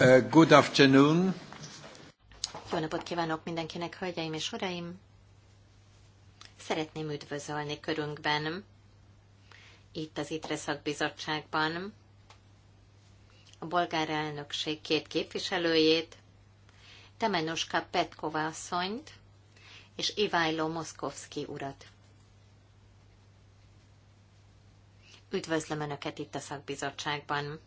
Uh, good afternoon. Jó napot kívánok mindenkinek, hölgyeim és uraim! Szeretném üdvözölni körünkben, itt az ITRE szakbizottságban, a bolgár elnökség két képviselőjét, Temenuska Petkova asszonyt és Ivájló Moszkovszki urat. Üdvözlöm Önöket itt a szakbizottságban!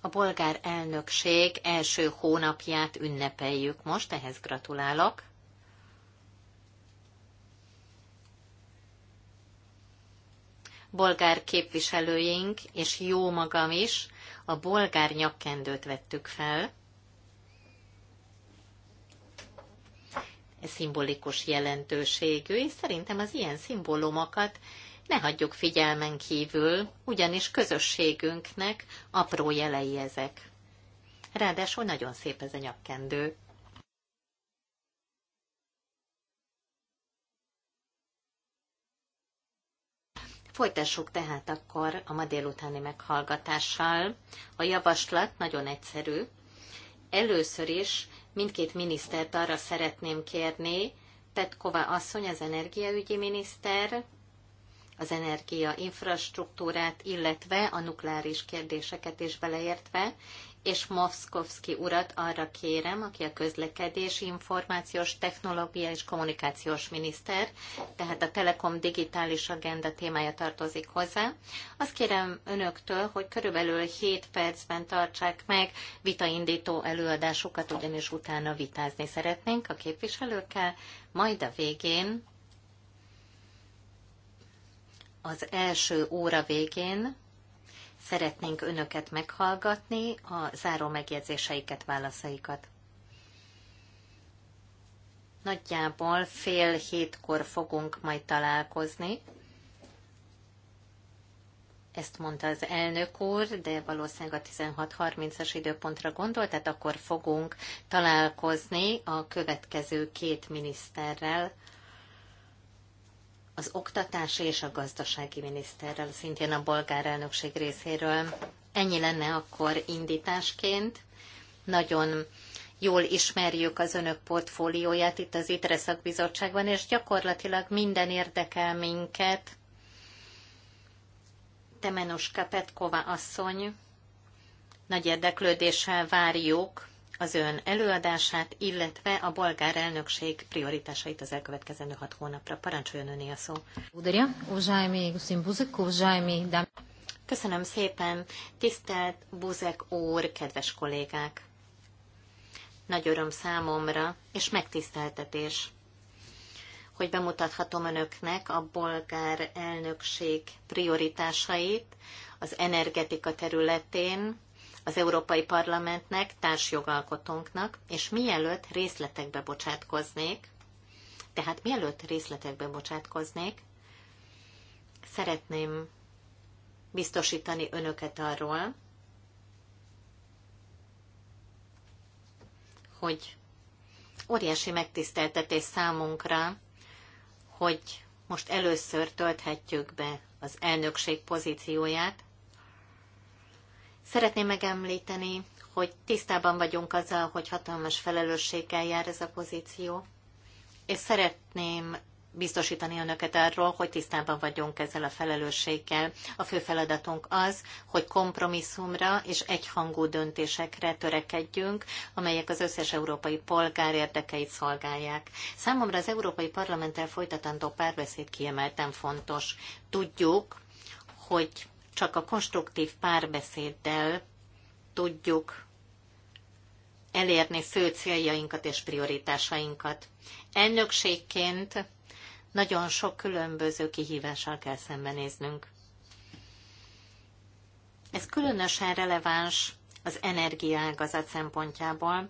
A bolgár elnökség első hónapját ünnepeljük most, ehhez gratulálok. Bolgár képviselőink, és jó magam is, a bolgár nyakkendőt vettük fel. Ez szimbolikus jelentőségű, és szerintem az ilyen szimbólumokat ne hagyjuk figyelmen kívül, ugyanis közösségünknek apró jelei ezek. Ráadásul nagyon szép ez a nyakkendő. Folytassuk tehát akkor a ma délutáni meghallgatással. A javaslat nagyon egyszerű. Először is mindkét minisztert arra szeretném kérni, Petkova asszony, az energiaügyi miniszter, az energia infrastruktúrát, illetve a nukleáris kérdéseket is beleértve, és Moszkowski urat arra kérem, aki a közlekedési információs, technológia és kommunikációs miniszter, tehát a Telekom digitális agenda témája tartozik hozzá. Azt kérem önöktől, hogy körülbelül 7 percben tartsák meg vitaindító előadásukat, ugyanis utána vitázni szeretnénk a képviselőkkel, majd a végén az első óra végén szeretnénk önöket meghallgatni, a záró megjegyzéseiket, válaszaikat. Nagyjából fél hétkor fogunk majd találkozni. Ezt mondta az elnök úr, de valószínűleg a 16.30-as időpontra gondolt, tehát akkor fogunk találkozni a következő két miniszterrel az oktatási és a gazdasági miniszterrel, szintén a bolgár elnökség részéről. Ennyi lenne akkor indításként. Nagyon jól ismerjük az önök portfólióját itt az ITRE szakbizottságban, és gyakorlatilag minden érdekel minket. Temenuska Petkova asszony, nagy érdeklődéssel várjuk az ön előadását, illetve a bolgár elnökség prioritásait az elkövetkezendő hat hónapra. Parancsoljon öné a szó. Köszönöm szépen, tisztelt Buzek úr, kedves kollégák! Nagy öröm számomra, és megtiszteltetés, hogy bemutathatom önöknek a bolgár elnökség prioritásait az energetika területén, az Európai Parlamentnek, társjogalkotónknak, és mielőtt részletekbe bocsátkoznék, tehát mielőtt részletekbe bocsátkoznék, szeretném biztosítani önöket arról, hogy óriási megtiszteltetés számunkra, hogy most először tölthetjük be az elnökség pozícióját, Szeretném megemlíteni, hogy tisztában vagyunk azzal, hogy hatalmas felelősséggel jár ez a pozíció, és szeretném biztosítani önöket arról, hogy tisztában vagyunk ezzel a felelősséggel. A fő feladatunk az, hogy kompromisszumra és egyhangú döntésekre törekedjünk, amelyek az összes európai polgár érdekeit szolgálják. Számomra az Európai Parlamenttel folytatandó párbeszéd kiemelten fontos. Tudjuk, hogy csak a konstruktív párbeszéddel tudjuk elérni fő céljainkat és prioritásainkat. Elnökségként nagyon sok különböző kihívással kell szembenéznünk. Ez különösen releváns az energiágazat szempontjából,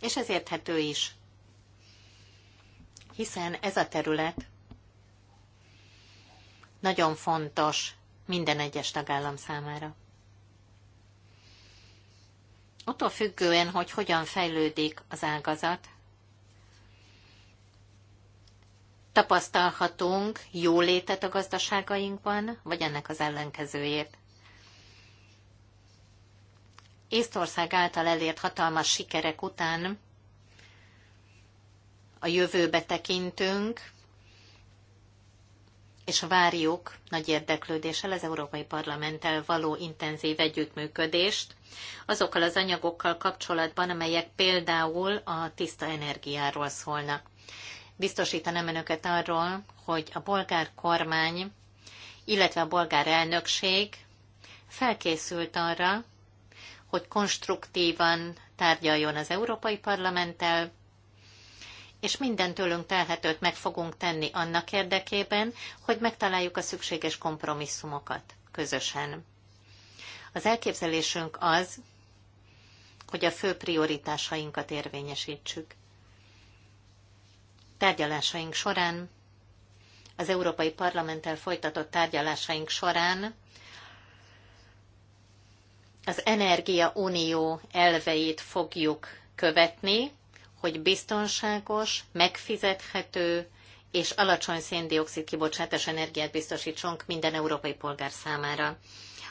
és ez érthető is, hiszen ez a terület nagyon fontos minden egyes tagállam számára. Attól függően, hogy hogyan fejlődik az ágazat, tapasztalhatunk létet a gazdaságainkban, vagy ennek az ellenkezőjét. Észtország által elért hatalmas sikerek után a jövőbe tekintünk, és várjuk nagy érdeklődéssel az Európai Parlamenttel való intenzív együttműködést azokkal az anyagokkal kapcsolatban, amelyek például a tiszta energiáról szólnak. Biztosítanám önöket arról, hogy a bolgár kormány, illetve a bolgár elnökség felkészült arra, hogy konstruktívan tárgyaljon az Európai Parlamenttel, és minden tőlünk telhetőt meg fogunk tenni annak érdekében, hogy megtaláljuk a szükséges kompromisszumokat közösen. Az elképzelésünk az, hogy a fő prioritásainkat érvényesítsük. Tárgyalásaink során, az Európai Parlamenttel folytatott tárgyalásaink során az Energia Unió elveit fogjuk követni, hogy biztonságos, megfizethető és alacsony széndiokszid kibocsátás energiát biztosítsunk minden európai polgár számára.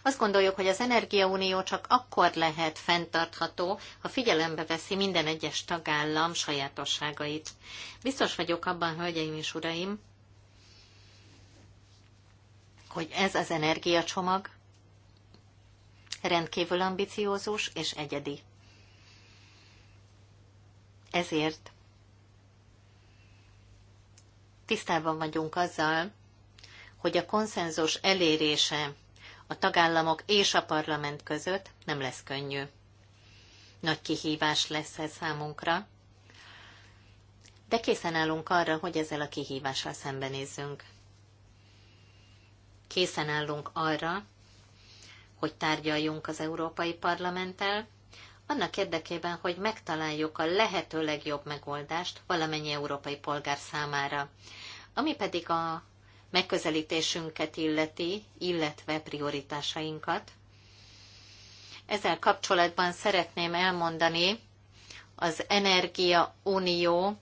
Azt gondoljuk, hogy az energiaunió csak akkor lehet fenntartható, ha figyelembe veszi minden egyes tagállam sajátosságait. Biztos vagyok abban, hölgyeim és uraim, hogy ez az energiacsomag rendkívül ambiciózus és egyedi. Ezért tisztában vagyunk azzal, hogy a konszenzus elérése a tagállamok és a parlament között nem lesz könnyű. Nagy kihívás lesz ez számunkra, de készen állunk arra, hogy ezzel a kihívással szembenézzünk. Készen állunk arra, hogy tárgyaljunk az Európai Parlamenttel, annak érdekében, hogy megtaláljuk a lehető legjobb megoldást valamennyi európai polgár számára. Ami pedig a megközelítésünket illeti, illetve prioritásainkat. Ezzel kapcsolatban szeretném elmondani az Energia Unió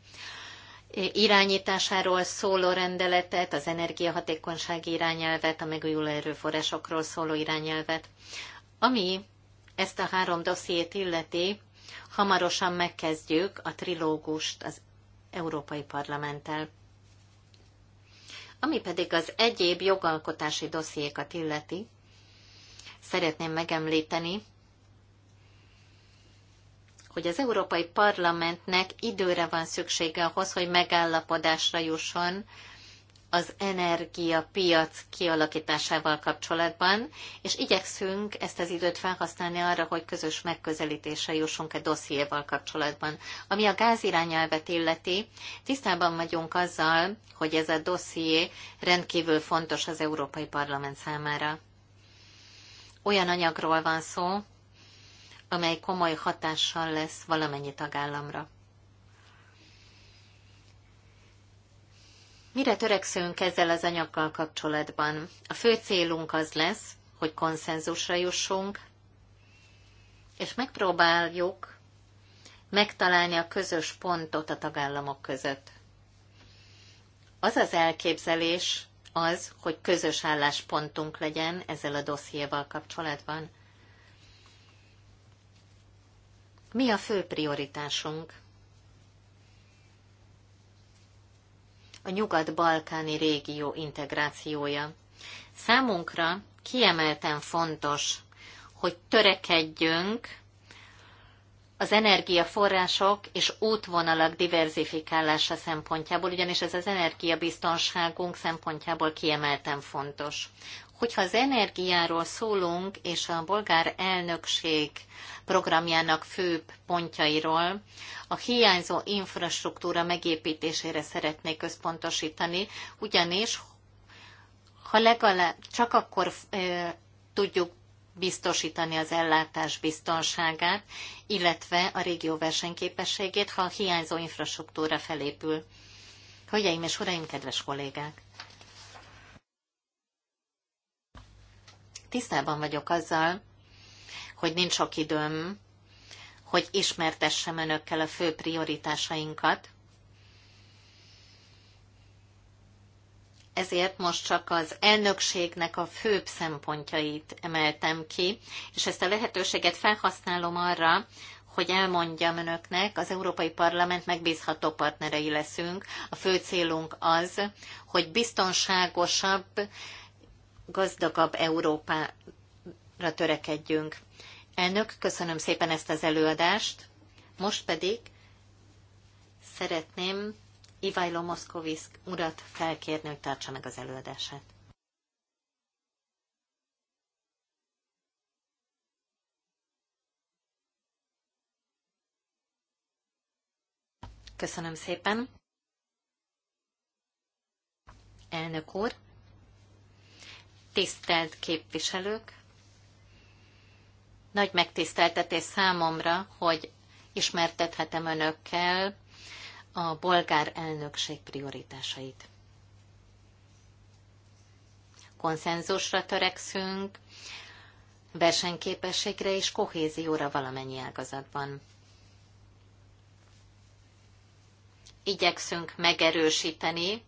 irányításáról szóló rendeletet, az energiahatékonysági irányelvet, a megújuló erőforrásokról szóló irányelvet, ami ezt a három dossziét illeti, hamarosan megkezdjük a trilógust az Európai Parlamenttel. Ami pedig az egyéb jogalkotási dossziékat illeti, szeretném megemlíteni, hogy az Európai Parlamentnek időre van szüksége ahhoz, hogy megállapodásra jusson az energiapiac kialakításával kapcsolatban, és igyekszünk ezt az időt felhasználni arra, hogy közös megközelítéssel jussunk egy dossziéval kapcsolatban. Ami a gázirányelvet illeti, tisztában vagyunk azzal, hogy ez a dosszié rendkívül fontos az Európai Parlament számára. Olyan anyagról van szó, amely komoly hatással lesz valamennyi tagállamra. Mire törekszünk ezzel az anyaggal kapcsolatban? A fő célunk az lesz, hogy konszenzusra jussunk, és megpróbáljuk megtalálni a közös pontot a tagállamok között. Az az elképzelés az, hogy közös álláspontunk legyen ezzel a dossziéval kapcsolatban. Mi a fő prioritásunk? a nyugat-balkáni régió integrációja. Számunkra kiemelten fontos, hogy törekedjünk az energiaforrások és útvonalak diverzifikálása szempontjából, ugyanis ez az energiabiztonságunk szempontjából kiemelten fontos. Hogyha az energiáról szólunk, és a bolgár elnökség programjának fő pontjairól, a hiányzó infrastruktúra megépítésére szeretnék központosítani, ugyanis ha legalább csak akkor e, tudjuk biztosítani az ellátás biztonságát, illetve a régió versenyképességét, ha a hiányzó infrastruktúra felépül. Hölgyeim és uraim, kedves kollégák! tisztában vagyok azzal, hogy nincs sok időm, hogy ismertessem önökkel a fő prioritásainkat. Ezért most csak az elnökségnek a főbb szempontjait emeltem ki, és ezt a lehetőséget felhasználom arra, hogy elmondjam önöknek, az Európai Parlament megbízható partnerei leszünk. A fő célunk az, hogy biztonságosabb, gazdagabb Európára törekedjünk. Elnök, köszönöm szépen ezt az előadást. Most pedig szeretném Ivajlo Moszkovisz urat felkérni, hogy tartsa meg az előadását. Köszönöm szépen. Elnök úr, tisztelt képviselők! Nagy megtiszteltetés számomra, hogy ismertethetem önökkel a bolgár elnökség prioritásait. Konszenzusra törekszünk, versenyképességre és kohézióra valamennyi ágazatban. Igyekszünk megerősíteni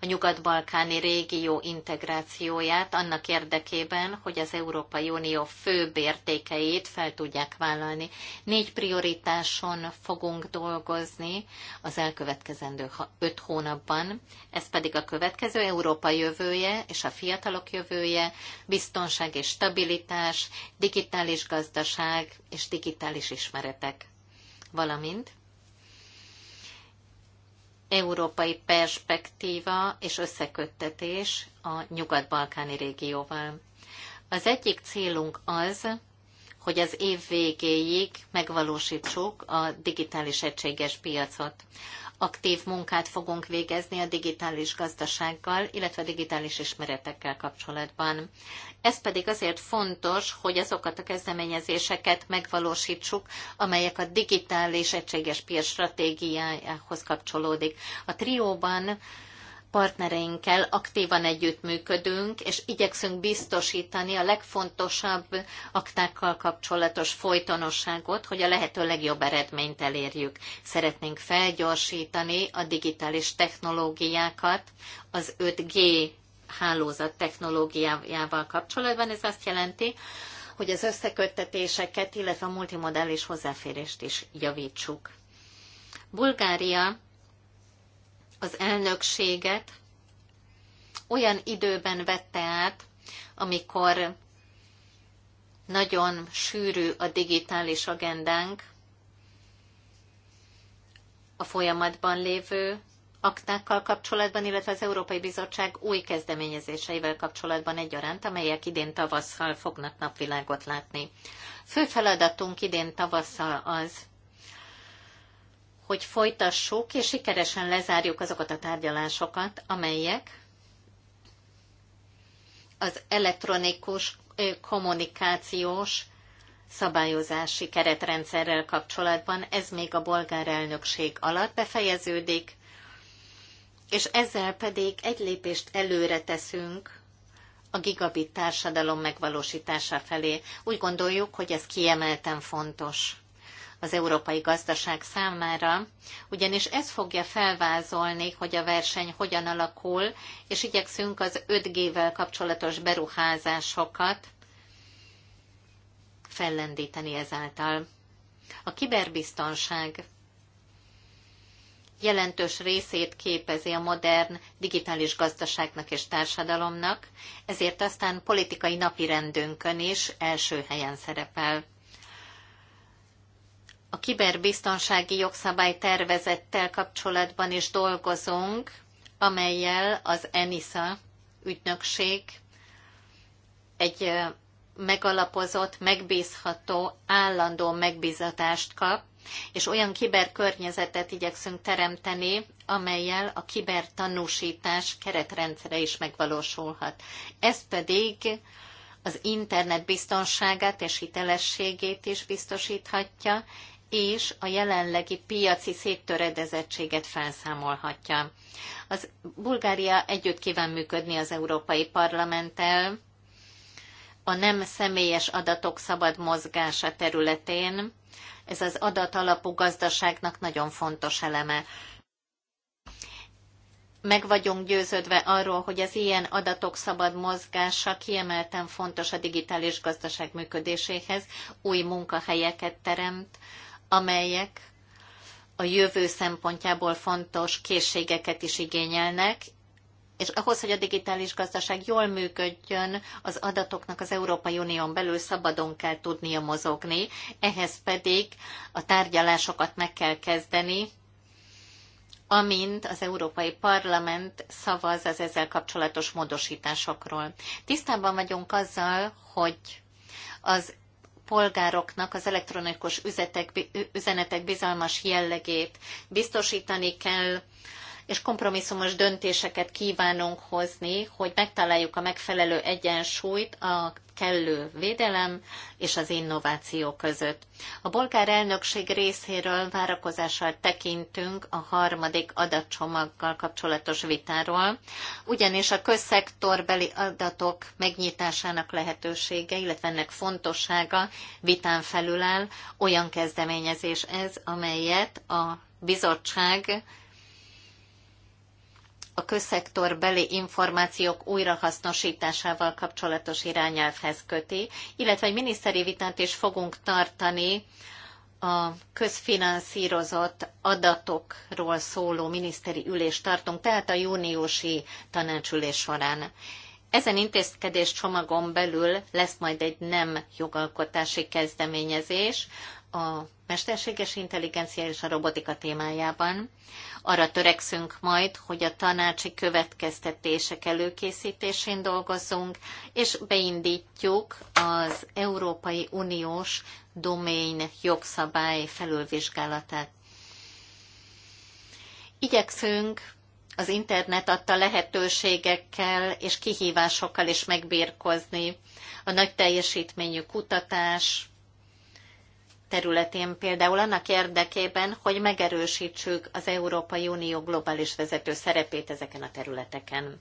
a nyugat-balkáni régió integrációját annak érdekében, hogy az Európai Unió főbb értékeit fel tudják vállalni. Négy prioritáson fogunk dolgozni az elkövetkezendő öt hónapban. Ez pedig a következő Európa jövője és a fiatalok jövője, biztonság és stabilitás, digitális gazdaság és digitális ismeretek. Valamint európai perspektíva és összeköttetés a nyugat-balkáni régióval. Az egyik célunk az, hogy az év végéig megvalósítsuk a digitális egységes piacot. Aktív munkát fogunk végezni a digitális gazdasággal, illetve a digitális ismeretekkel kapcsolatban. Ez pedig azért fontos, hogy azokat a kezdeményezéseket megvalósítsuk, amelyek a digitális egységes piac stratégiájához kapcsolódik. A trióban partnereinkkel aktívan együttműködünk, és igyekszünk biztosítani a legfontosabb aktákkal kapcsolatos folytonosságot, hogy a lehető legjobb eredményt elérjük. Szeretnénk felgyorsítani a digitális technológiákat az 5G hálózat technológiájával kapcsolatban. Ez azt jelenti, hogy az összeköttetéseket, illetve a multimodális hozzáférést is javítsuk. Bulgária az elnökséget olyan időben vette át, amikor nagyon sűrű a digitális agendánk, a folyamatban lévő aktákkal kapcsolatban, illetve az Európai Bizottság új kezdeményezéseivel kapcsolatban egyaránt, amelyek idén tavasszal fognak napvilágot látni. Fő feladatunk idén tavasszal az, hogy folytassuk és sikeresen lezárjuk azokat a tárgyalásokat, amelyek az elektronikus kommunikációs szabályozási keretrendszerrel kapcsolatban, ez még a bolgár elnökség alatt befejeződik, és ezzel pedig egy lépést előre teszünk a gigabit társadalom megvalósítása felé. Úgy gondoljuk, hogy ez kiemelten fontos az európai gazdaság számára, ugyanis ez fogja felvázolni, hogy a verseny hogyan alakul, és igyekszünk az 5G-vel kapcsolatos beruházásokat fellendíteni ezáltal. A kiberbiztonság jelentős részét képezi a modern digitális gazdaságnak és társadalomnak, ezért aztán politikai rendünkön is első helyen szerepel. A kiberbiztonsági jogszabály tervezettel kapcsolatban is dolgozunk, amelyel az ENISA ügynökség egy megalapozott, megbízható, állandó megbizatást kap, és olyan kiberkörnyezetet igyekszünk teremteni, amelyel a kibertanúsítás keretrendszere is megvalósulhat. Ez pedig az internet biztonságát és hitelességét is biztosíthatja, és a jelenlegi piaci széttöredezettséget felszámolhatja. Az Bulgária együtt kíván működni az Európai Parlamenttel a nem személyes adatok szabad mozgása területén, ez az adatalapú gazdaságnak nagyon fontos eleme. Meg vagyunk győződve arról, hogy az ilyen adatok szabad mozgása kiemelten fontos a digitális gazdaság működéséhez, új munkahelyeket teremt, amelyek a jövő szempontjából fontos készségeket is igényelnek, és ahhoz, hogy a digitális gazdaság jól működjön, az adatoknak az Európai Unión belül szabadon kell tudnia mozogni, ehhez pedig a tárgyalásokat meg kell kezdeni, amint az Európai Parlament szavaz az ezzel kapcsolatos módosításokról. Tisztában vagyunk azzal, hogy az polgároknak az elektronikus üzetek, üzenetek bizalmas jellegét biztosítani kell, és kompromisszumos döntéseket kívánunk hozni, hogy megtaláljuk a megfelelő egyensúlyt a kellő védelem és az innováció között. A bolgár elnökség részéről várakozással tekintünk a harmadik adatcsomaggal kapcsolatos vitáról, ugyanis a közszektorbeli adatok megnyitásának lehetősége, illetve ennek fontossága vitán felül áll. Olyan kezdeményezés ez, amelyet a bizottság a közszektor beli információk újrahasznosításával kapcsolatos irányelvhez köti, illetve egy miniszteri vitát is fogunk tartani a közfinanszírozott adatokról szóló miniszteri ülést tartunk, tehát a júniusi tanácsülés során. Ezen intézkedés csomagon belül lesz majd egy nem jogalkotási kezdeményezés a mesterséges intelligencia és a robotika témájában. Arra törekszünk majd, hogy a tanácsi következtetések előkészítésén dolgozzunk, és beindítjuk az Európai Uniós domain jogszabály felülvizsgálatát. Igyekszünk az internet adta lehetőségekkel és kihívásokkal is megbírkozni. A nagy teljesítményű kutatás területén például annak érdekében, hogy megerősítsük az Európai Unió globális vezető szerepét ezeken a területeken.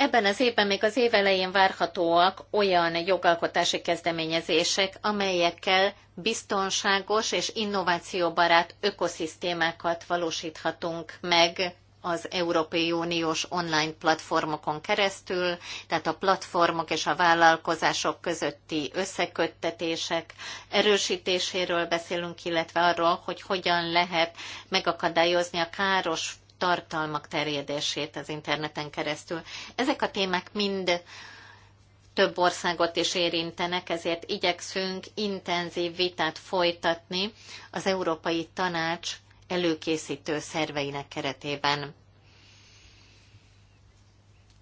Ebben az évben még az év elején várhatóak olyan jogalkotási kezdeményezések, amelyekkel biztonságos és innovációbarát ökoszisztémákat valósíthatunk meg az Európai Uniós online platformokon keresztül, tehát a platformok és a vállalkozások közötti összeköttetések erősítéséről beszélünk, illetve arról, hogy hogyan lehet megakadályozni a káros tartalmak terjedését az interneten keresztül. Ezek a témák mind több országot is érintenek, ezért igyekszünk intenzív vitát folytatni az Európai Tanács előkészítő szerveinek keretében.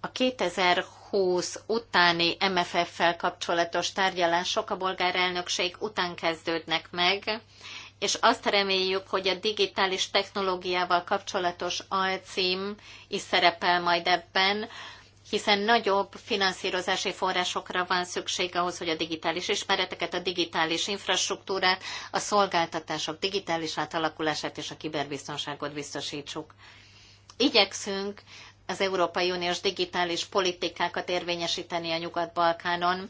A 2020 utáni MFF-fel kapcsolatos tárgyalások a bolgár elnökség után kezdődnek meg, és azt reméljük, hogy a digitális technológiával kapcsolatos alcím is szerepel majd ebben, hiszen nagyobb finanszírozási forrásokra van szükség ahhoz, hogy a digitális ismereteket, a digitális infrastruktúrát, a szolgáltatások digitális átalakulását és a kiberbiztonságot biztosítsuk. Igyekszünk az Európai Uniós digitális politikákat érvényesíteni a Nyugat-Balkánon,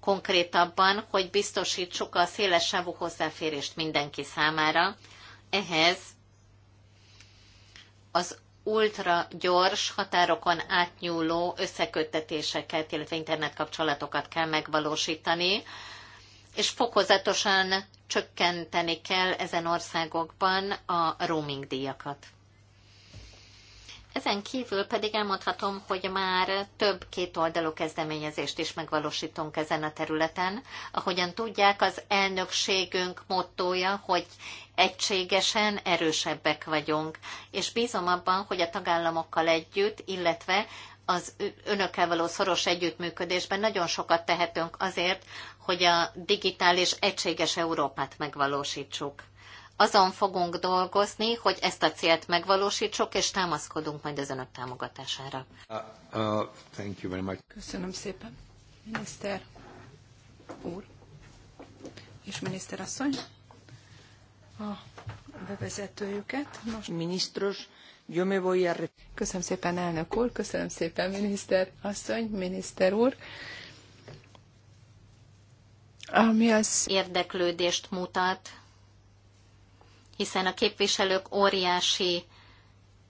konkrétabban, hogy biztosítsuk a széles sávú hozzáférést mindenki számára. Ehhez az ultra gyors határokon átnyúló összeköttetéseket, illetve internetkapcsolatokat kell megvalósítani, és fokozatosan csökkenteni kell ezen országokban a roaming díjakat. Ezen kívül pedig elmondhatom, hogy már több kétoldalú kezdeményezést is megvalósítunk ezen a területen. Ahogyan tudják, az elnökségünk mottója, hogy egységesen erősebbek vagyunk, és bízom abban, hogy a tagállamokkal együtt, illetve az önökkel való szoros együttműködésben nagyon sokat tehetünk azért, hogy a digitális egységes Európát megvalósítsuk azon fogunk dolgozni, hogy ezt a célt megvalósítsuk, és támaszkodunk majd az önök támogatására. Uh, uh, thank you very much. Köszönöm szépen, miniszter úr és miniszterasszony a bevezetőjüket. Most minisztros, yo me voy a... Köszönöm szépen, elnök úr, köszönöm szépen, miniszter asszony, miniszter úr. Ami az érdeklődést mutat hiszen a képviselők óriási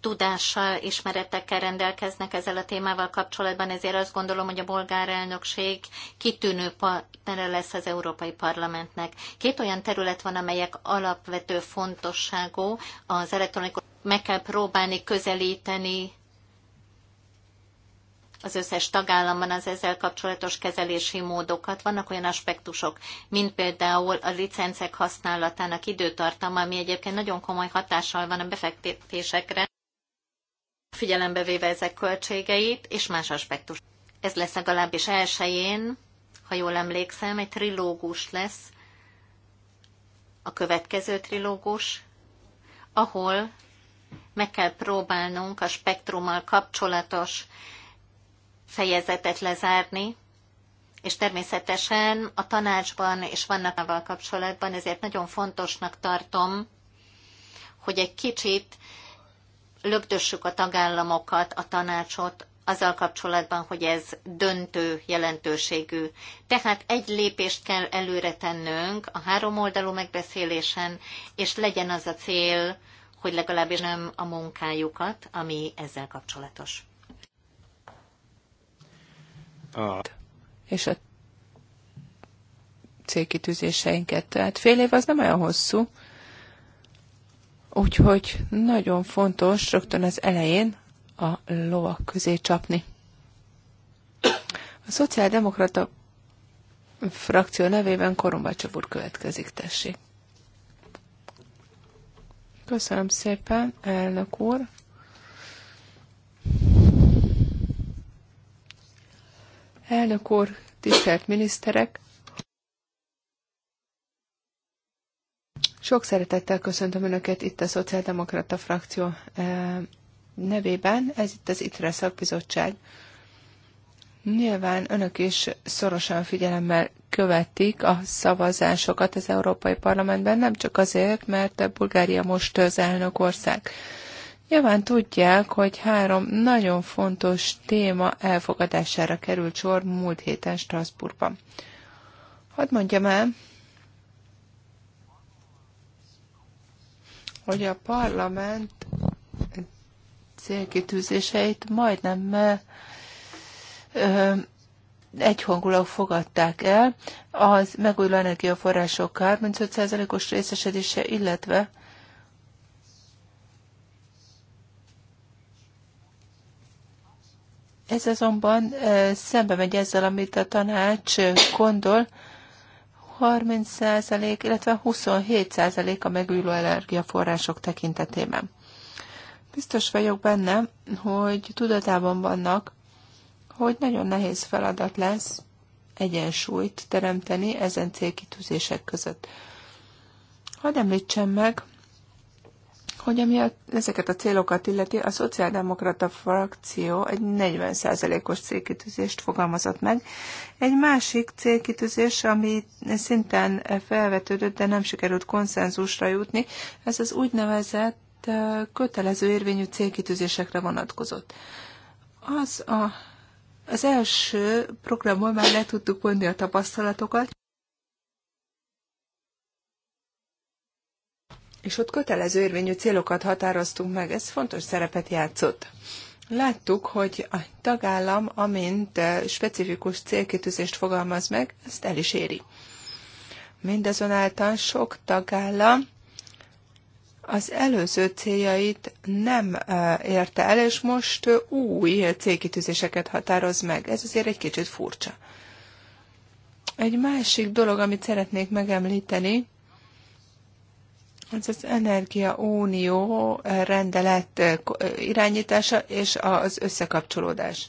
tudással, ismeretekkel rendelkeznek ezzel a témával kapcsolatban, ezért azt gondolom, hogy a bolgár elnökség kitűnő partnere lesz az Európai Parlamentnek. Két olyan terület van, amelyek alapvető fontosságú az elektronikus meg kell próbálni közelíteni az összes tagállamban az ezzel kapcsolatos kezelési módokat. Vannak olyan aspektusok, mint például a licencek használatának időtartama, ami egyébként nagyon komoly hatással van a befektetésekre, figyelembe véve ezek költségeit, és más aspektus. Ez lesz legalábbis elsőjén, ha jól emlékszem, egy trilógus lesz, a következő trilógus, ahol meg kell próbálnunk a spektrummal kapcsolatos fejezetet lezárni, és természetesen a tanácsban és vannak ával kapcsolatban, ezért nagyon fontosnak tartom, hogy egy kicsit lögdössük a tagállamokat, a tanácsot azzal kapcsolatban, hogy ez döntő jelentőségű. Tehát egy lépést kell előre tennünk a háromoldalú megbeszélésen, és legyen az a cél, hogy legalábbis nem a munkájukat, ami ezzel kapcsolatos a... és a célkitűzéseinket. Tehát fél év az nem olyan hosszú, úgyhogy nagyon fontos rögtön az elején a lovak közé csapni. A szociáldemokrata frakció nevében Korombácsa úr következik, tessék. Köszönöm szépen, elnök úr. Elnök úr, tisztelt miniszterek! Sok szeretettel köszöntöm Önöket itt a Szociáldemokrata frakció eh, nevében. Ez itt az ITRE szakbizottság. Nyilván Önök is szorosan figyelemmel követik a szavazásokat az Európai Parlamentben, nem csak azért, mert Bulgária most az elnök ország. Nyilván tudják, hogy három nagyon fontos téma elfogadására került sor múlt héten Strasbourgban. Hadd mondjam el, hogy a parlament célkitűzéseit majdnem ö, egyhangulag fogadták el az megújuló energiaforrások 35%-os részesedése, illetve Ez azonban szembe megy ezzel, amit a tanács gondol, 30%, illetve 27% a megújuló energiaforrások tekintetében. Biztos vagyok benne, hogy tudatában vannak, hogy nagyon nehéz feladat lesz egyensúlyt teremteni ezen célkitűzések között. Hadd említsem meg, hogy ami a, ezeket a célokat illeti, a szociáldemokrata frakció egy 40%-os célkitűzést fogalmazott meg. Egy másik célkitűzés, ami szinten felvetődött, de nem sikerült konszenzusra jutni, ez az úgynevezett kötelező érvényű célkitűzésekre vonatkozott. Az a az első programból már le tudtuk vonni a tapasztalatokat, és ott kötelező érvényű célokat határoztunk meg. Ez fontos szerepet játszott. Láttuk, hogy a tagállam, amint eh, specifikus célkitűzést fogalmaz meg, ezt el is éri. Mindazonáltal sok tagállam az előző céljait nem eh, érte el, és most eh, új célkitűzéseket határoz meg. Ez azért egy kicsit furcsa. Egy másik dolog, amit szeretnék megemlíteni, ez az Energia Unió rendelet eh, eh, irányítása és az összekapcsolódás.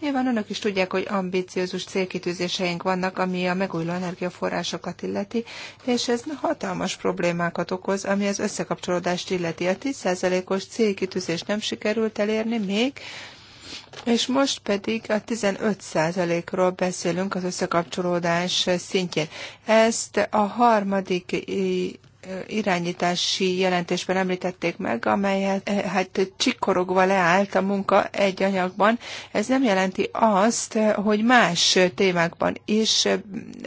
Nyilván önök is tudják, hogy ambiciózus célkitűzéseink vannak, ami a megújuló energiaforrásokat illeti, és ez hatalmas problémákat okoz, ami az összekapcsolódást illeti. A 10%-os célkitűzést nem sikerült elérni még, és most pedig a 15%-ról beszélünk az összekapcsolódás szintjén. Ezt a harmadik irányítási jelentésben említették meg, amelyet eh, hát csikorogva leállt a munka egy anyagban. Ez nem jelenti azt, hogy más témákban is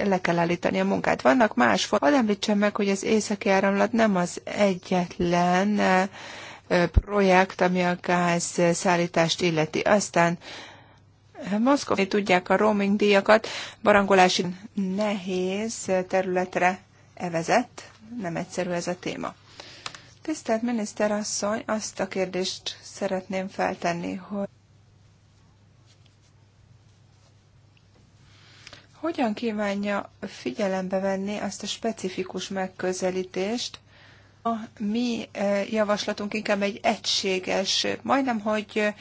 le kell állítani a munkát. Vannak más formák. Hadd említsem meg, hogy az északi áramlat nem az egyetlen eh, projekt, ami a gáz szállítást illeti. Aztán eh, Moszkvai tudják a roaming díjakat, barangolási nehéz területre evezett nem egyszerű ez a téma. Tisztelt miniszterasszony, azt a kérdést szeretném feltenni, hogy hogyan kívánja figyelembe venni azt a specifikus megközelítést, a mi eh, javaslatunk inkább egy egységes, majdnem, hogy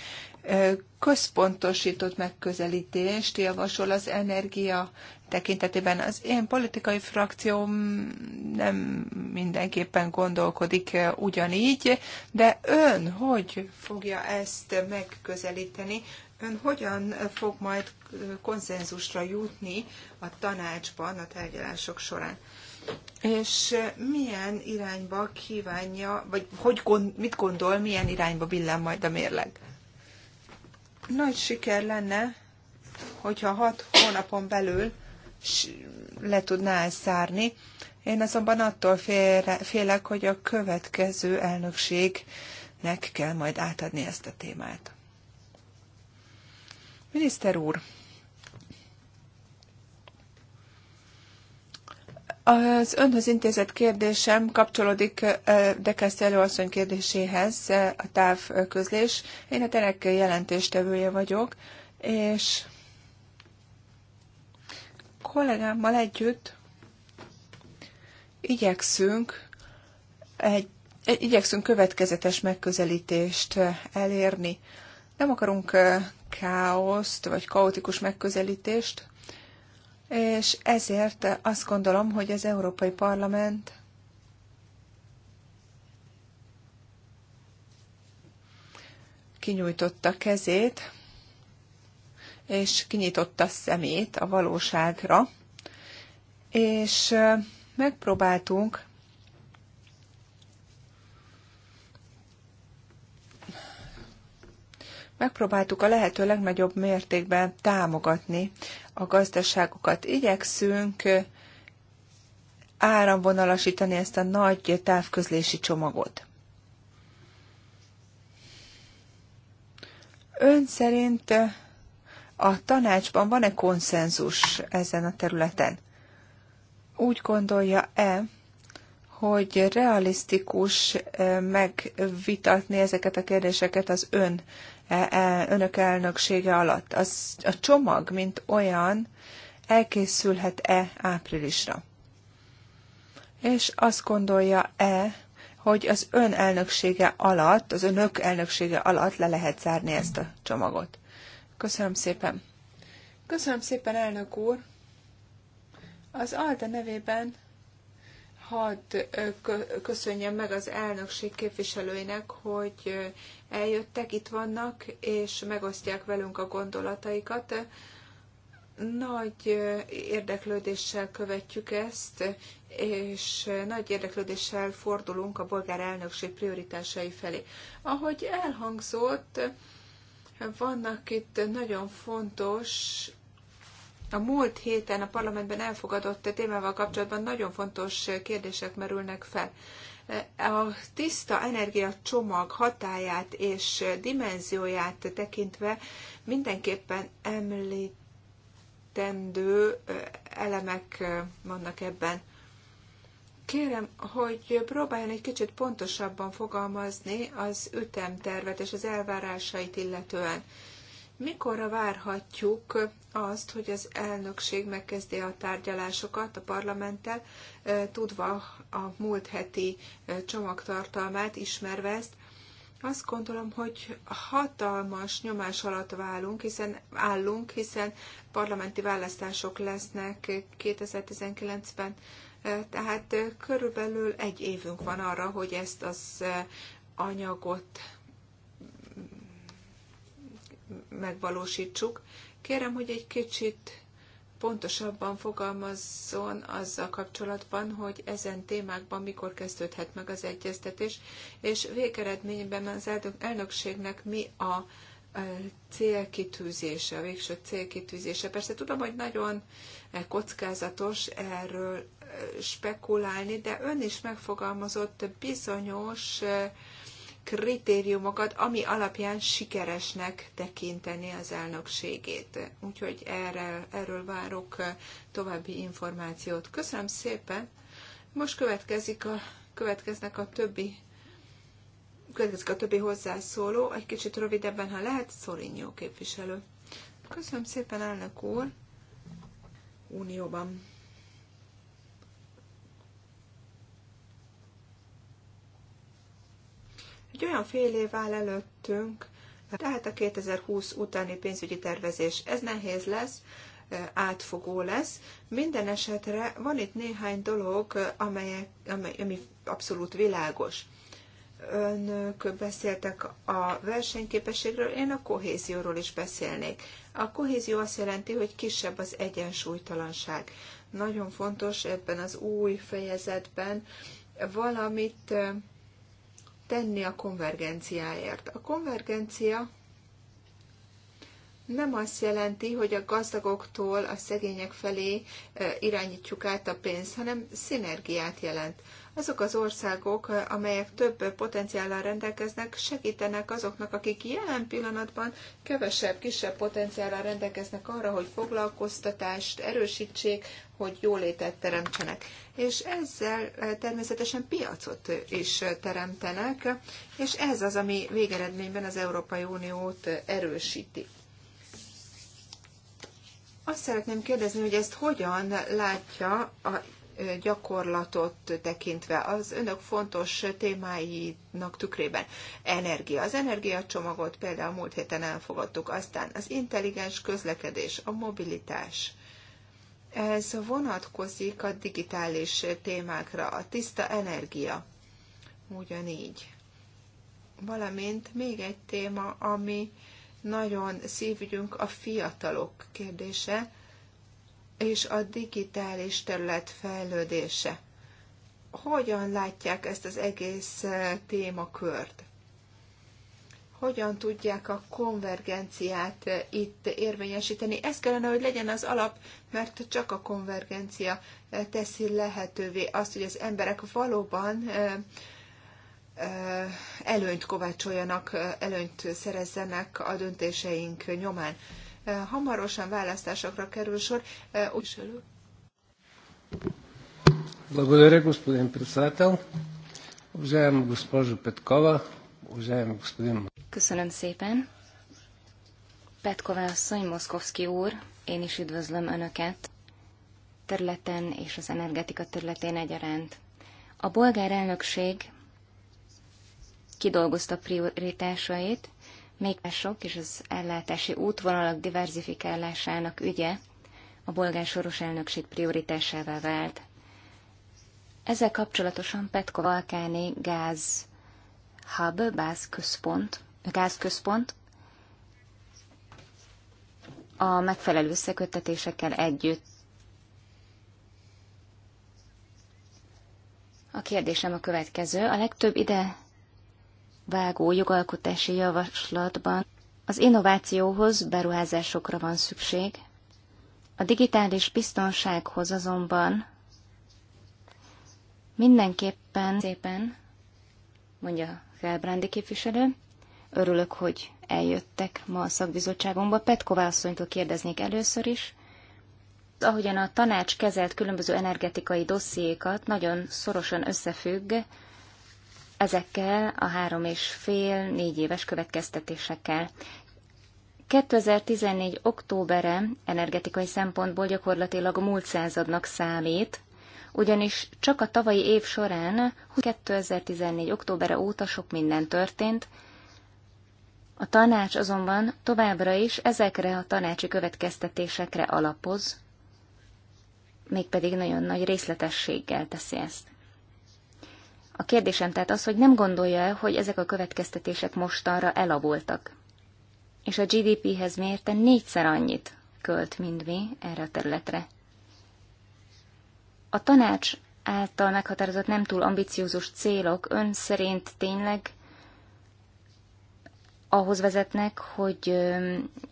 központosított megközelítést javasol az energia tekintetében. Az én politikai frakcióm nem mindenképpen gondolkodik ugyanígy, de ön hogy fogja ezt megközelíteni? Ön hogyan fog majd konszenzusra jutni a tanácsban a tárgyalások során? És milyen irányba kívánja, vagy hogy, mit gondol, milyen irányba billen majd a mérleg? Nagy siker lenne, hogyha hat hónapon belül le tudná ezt zárni. Én azonban attól félre, félek, hogy a következő elnökségnek kell majd átadni ezt a témát. Miniszter úr, Az önhöz intézett kérdésem kapcsolódik de Castello asszony kérdéséhez, a távközlés. Én a terek jelentéstevője vagyok, és kollégámmal együtt igyekszünk egy igyekszünk következetes megközelítést elérni. Nem akarunk káoszt vagy kaotikus megközelítést, és ezért azt gondolom, hogy az Európai Parlament kinyújtotta kezét, és kinyitotta szemét a valóságra, és megpróbáltunk megpróbáltuk a lehető legnagyobb mértékben támogatni a gazdaságokat. Igyekszünk áramvonalasítani ezt a nagy távközlési csomagot. Ön szerint a tanácsban van-e konszenzus ezen a területen? Úgy gondolja-e, hogy realisztikus eh, megvitatni ezeket a kérdéseket az ön E, e, önök elnöksége alatt. Az, a csomag, mint olyan, elkészülhet-e áprilisra? És azt gondolja-e, hogy az ön elnöksége alatt, az önök elnöksége alatt le lehet zárni ezt a csomagot? Köszönöm szépen. Köszönöm szépen, elnök úr. Az ALDE nevében hadd köszönjem meg az elnökség képviselőinek, hogy eljöttek, itt vannak, és megosztják velünk a gondolataikat. Nagy érdeklődéssel követjük ezt, és nagy érdeklődéssel fordulunk a bolgár elnökség prioritásai felé. Ahogy elhangzott, vannak itt nagyon fontos a múlt héten a parlamentben elfogadott témával kapcsolatban nagyon fontos kérdések merülnek fel. A tiszta energia csomag hatáját és dimenzióját tekintve mindenképpen említendő elemek vannak ebben. Kérem, hogy próbáljon egy kicsit pontosabban fogalmazni az ütemtervet és az elvárásait illetően Mikorra várhatjuk azt, hogy az elnökség megkezdi a tárgyalásokat a parlamenttel, tudva a múlt heti csomagtartalmát, ismerve ezt? Azt gondolom, hogy hatalmas nyomás alatt válunk, hiszen állunk, hiszen parlamenti választások lesznek 2019-ben, tehát körülbelül egy évünk van arra, hogy ezt az anyagot megvalósítsuk. Kérem, hogy egy kicsit pontosabban fogalmazzon azzal kapcsolatban, hogy ezen témákban mikor kezdődhet meg az egyeztetés, és végeredményben az elnökségnek mi a e, célkitűzése, a végső célkitűzése. Persze tudom, hogy nagyon e, kockázatos erről e, spekulálni, de ön is megfogalmazott bizonyos kritériumokat, ami alapján sikeresnek tekinteni az elnökségét. Úgyhogy erre, erről várok eh, további információt. Köszönöm szépen! Most következik a, következnek a többi következik a többi hozzászóló, egy kicsit rövidebben, ha lehet, Szorinyó képviselő. Köszönöm szépen, elnök úr! Unióban egy olyan fél év áll előttünk, tehát a 2020 utáni pénzügyi tervezés. Ez nehéz lesz, átfogó lesz. Minden esetre van itt néhány dolog, amely, amely, ami abszolút világos. Önök beszéltek a versenyképességről, én a kohézióról is beszélnék. A kohézió azt jelenti, hogy kisebb az egyensúlytalanság. Nagyon fontos ebben az új fejezetben valamit tenni a konvergenciáért. A konvergencia nem azt jelenti, hogy a gazdagoktól a szegények felé irányítjuk át a pénzt, hanem szinergiát jelent azok az országok, amelyek több potenciállal rendelkeznek, segítenek azoknak, akik jelen pillanatban kevesebb, kisebb potenciállal rendelkeznek arra, hogy foglalkoztatást erősítsék, hogy jólétet teremtsenek. És ezzel eh, természetesen piacot is teremtenek, és ez az, ami végeredményben az Európai Uniót erősíti. Azt szeretném kérdezni, hogy ezt hogyan látja a gyakorlatot tekintve az önök fontos témáinak tükrében. Energia. Az energiacsomagot például múlt héten elfogadtuk, aztán az intelligens közlekedés, a mobilitás. Ez vonatkozik a digitális témákra, a tiszta energia. Ugyanígy. Valamint még egy téma, ami nagyon szívügyünk a fiatalok kérdése és a digitális terület fejlődése. Hogyan látják ezt az egész e, témakört? Hogyan tudják a konvergenciát e, itt érvényesíteni? Ez kellene, hogy legyen az alap, mert csak a konvergencia e, teszi lehetővé azt, hogy az emberek valóban előnyt kovácsoljanak, előnyt szerezzenek a döntéseink nyomán hamarosan választásokra kerül sor. Úgy Благодаря, господин председател. Уважаема госпожо Петкова, уважаеми господин... Köszönöm szépen. Petkova asszony, Moszkovszki úr, én is üdvözlöm Önöket területen és az energetika területén egyaránt. A bolgár elnökség kidolgozta prioritásait, még sok és az ellátási útvonalak diverzifikálásának ügye a bolgár soros elnökség prioritásává vált. Ezzel kapcsolatosan Petko Valkáni gáz hub, gázközpont, gázközpont a megfelelő összeköttetésekkel együtt. A kérdésem a következő. A legtöbb ide vágó jogalkotási javaslatban az innovációhoz beruházásokra van szükség. A digitális biztonsághoz azonban mindenképpen szépen, mondja Felbrándi képviselő, örülök, hogy eljöttek ma a szakbizottságomba. Petková asszonytól kérdeznék először is. Ahogyan a tanács kezelt különböző energetikai dossziékat nagyon szorosan összefügg ezekkel a három és fél, négy éves következtetésekkel. 2014. októbere energetikai szempontból gyakorlatilag a múlt századnak számít, ugyanis csak a tavalyi év során, 2014. októbere óta sok minden történt, a tanács azonban továbbra is ezekre a tanácsi következtetésekre alapoz, mégpedig nagyon nagy részletességgel teszi ezt. A kérdésem tehát az, hogy nem gondolja-e, hogy ezek a következtetések mostanra elavultak, és a GDP-hez mérten négyszer annyit költ, mint mi erre a területre. A tanács által meghatározott nem túl ambiciózus célok ön szerint tényleg ahhoz vezetnek, hogy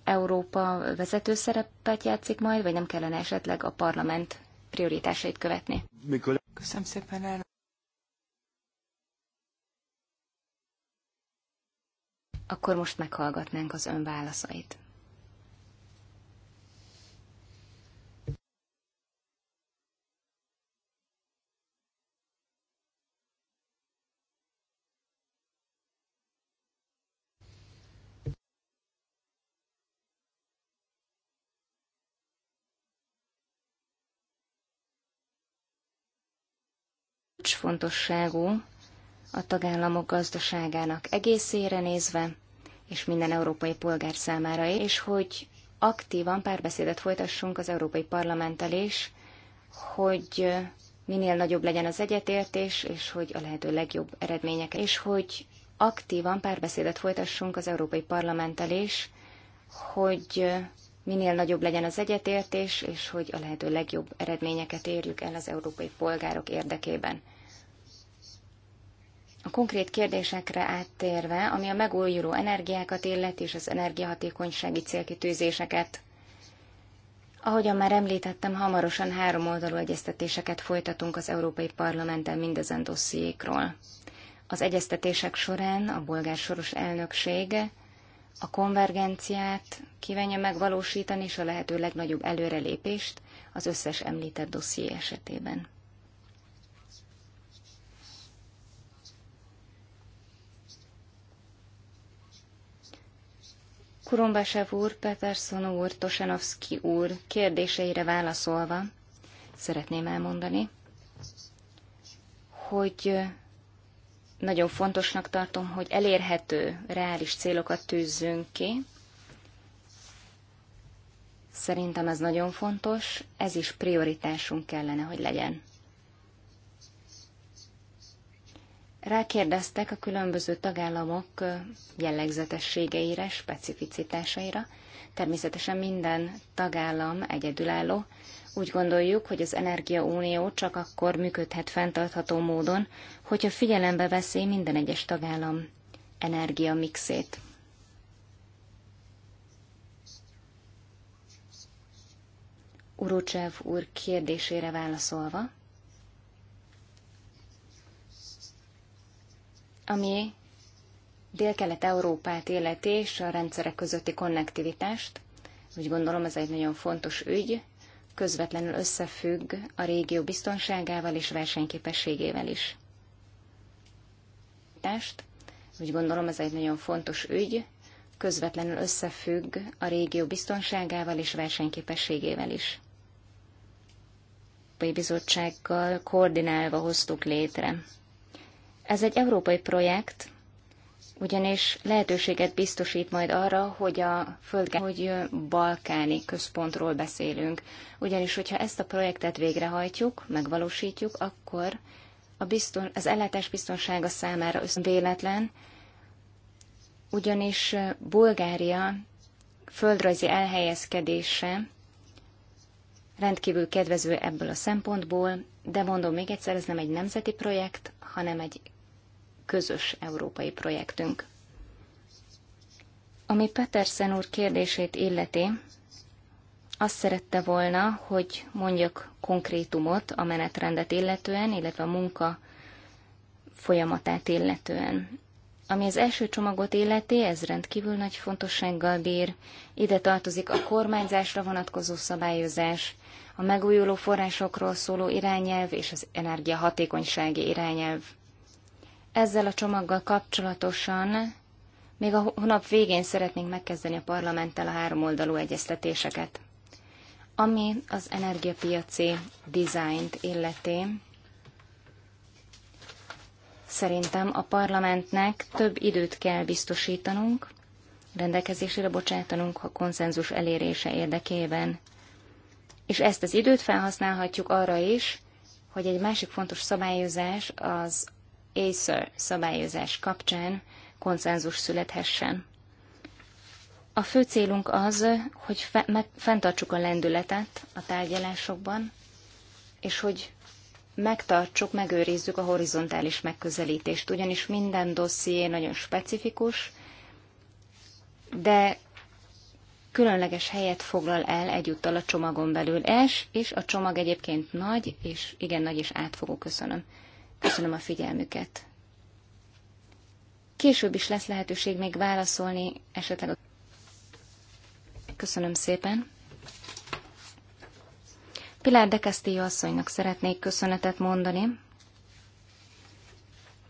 Európa vezető szerepet játszik majd, vagy nem kellene esetleg a parlament prioritásait követni? Mikor... Köszönöm szépen, el. akkor most meghallgatnánk az ön válaszait. fontosságú, a tagállamok gazdaságának egészére nézve, és minden európai polgár számára, és hogy aktívan párbeszédet folytassunk az Európai Parlamenttel is, hogy minél nagyobb legyen az egyetértés, és hogy a lehető legjobb eredmények, és hogy aktívan párbeszédet folytassunk az Európai Parlamenttel is, hogy minél nagyobb legyen az egyetértés, és hogy a lehető legjobb eredményeket érjük el az európai polgárok érdekében konkrét kérdésekre áttérve, ami a megújuló energiákat illeti és az energiahatékonysági célkitűzéseket. Ahogyan már említettem, hamarosan három oldalú egyeztetéseket folytatunk az Európai Parlamenten mindezen dossziékról. Az egyeztetések során a bolgár soros elnöksége a konvergenciát kívánja megvalósítani, és a lehető legnagyobb előrelépést az összes említett dosszié esetében. Kurumbasev úr, Peterson úr, Tosanovski úr kérdéseire válaszolva szeretném elmondani, hogy nagyon fontosnak tartom, hogy elérhető, reális célokat tűzzünk ki. Szerintem ez nagyon fontos, ez is prioritásunk kellene, hogy legyen. rákérdeztek a különböző tagállamok jellegzetességeire, specificitásaira. Természetesen minden tagállam egyedülálló. Úgy gondoljuk, hogy az Energiaunió csak akkor működhet fenntartható módon, hogyha figyelembe veszi minden egyes tagállam energiamixét. Urucsev úr kérdésére válaszolva, ami Dél-Kelet-Európát életi és a rendszerek közötti konnektivitást. Úgy gondolom ez egy nagyon fontos ügy, közvetlenül összefügg a régió biztonságával és versenyképességével is. Test. Úgy gondolom ez egy nagyon fontos ügy, közvetlenül összefügg a régió biztonságával és versenyképességével is. Bizottsággal koordinálva hoztuk létre ez egy európai projekt, ugyanis lehetőséget biztosít majd arra, hogy a földgáz, hogy balkáni központról beszélünk. Ugyanis, hogyha ezt a projektet végrehajtjuk, megvalósítjuk, akkor a bizton, az ellátás biztonsága számára véletlen, ugyanis Bulgária földrajzi elhelyezkedése rendkívül kedvező ebből a szempontból, de mondom még egyszer, ez nem egy nemzeti projekt, hanem egy közös európai projektünk. Ami Petersen úr kérdését illeti, azt szerette volna, hogy mondjak konkrétumot a menetrendet illetően, illetve a munka folyamatát illetően. Ami az első csomagot illeti, ez rendkívül nagy fontossággal bír. Ide tartozik a kormányzásra vonatkozó szabályozás, a megújuló forrásokról szóló irányelv és az energiahatékonysági irányelv. Ezzel a csomaggal kapcsolatosan még a hónap végén szeretnénk megkezdeni a parlamenttel a háromoldalú egyeztetéseket. Ami az energiapiaci dizájnt illeti, szerintem a parlamentnek több időt kell biztosítanunk, rendelkezésére bocsátanunk a konszenzus elérése érdekében. És ezt az időt felhasználhatjuk arra is, hogy egy másik fontos szabályozás az ACER szabályozás kapcsán konszenzus születhessen. A fő célunk az, hogy fenntartsuk a lendületet a tárgyalásokban, és hogy megtartsuk, megőrizzük a horizontális megközelítést, ugyanis minden dosszié nagyon specifikus, de különleges helyet foglal el egyúttal a csomagon belül es, és a csomag egyébként nagy, és igen nagy és átfogó, köszönöm. Köszönöm a figyelmüket. Később is lesz lehetőség még válaszolni esetleg. Köszönöm szépen. Pilár de Castillo asszonynak szeretnék köszönetet mondani,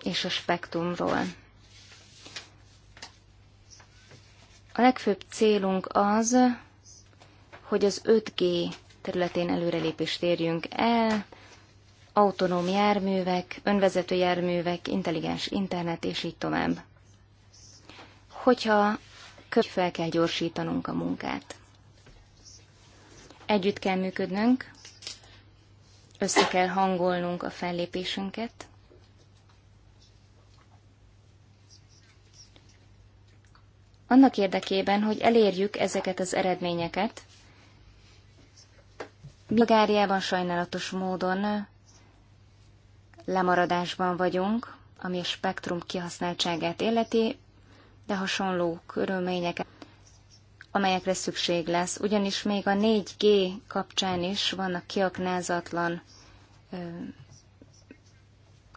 és a spektrumról. A legfőbb célunk az, hogy az 5G területén előrelépést érjünk el, autonóm járművek, önvezető járművek, intelligens internet, és így tovább. Hogyha fel kell gyorsítanunk a munkát. Együtt kell működnünk, össze kell hangolnunk a fellépésünket, annak érdekében, hogy elérjük ezeket az eredményeket, Bulgáriában sajnálatos módon lemaradásban vagyunk, ami a spektrum kihasználtságát illeti, de hasonló körülményeket, amelyekre szükség lesz. Ugyanis még a 4G kapcsán is vannak kiaknázatlan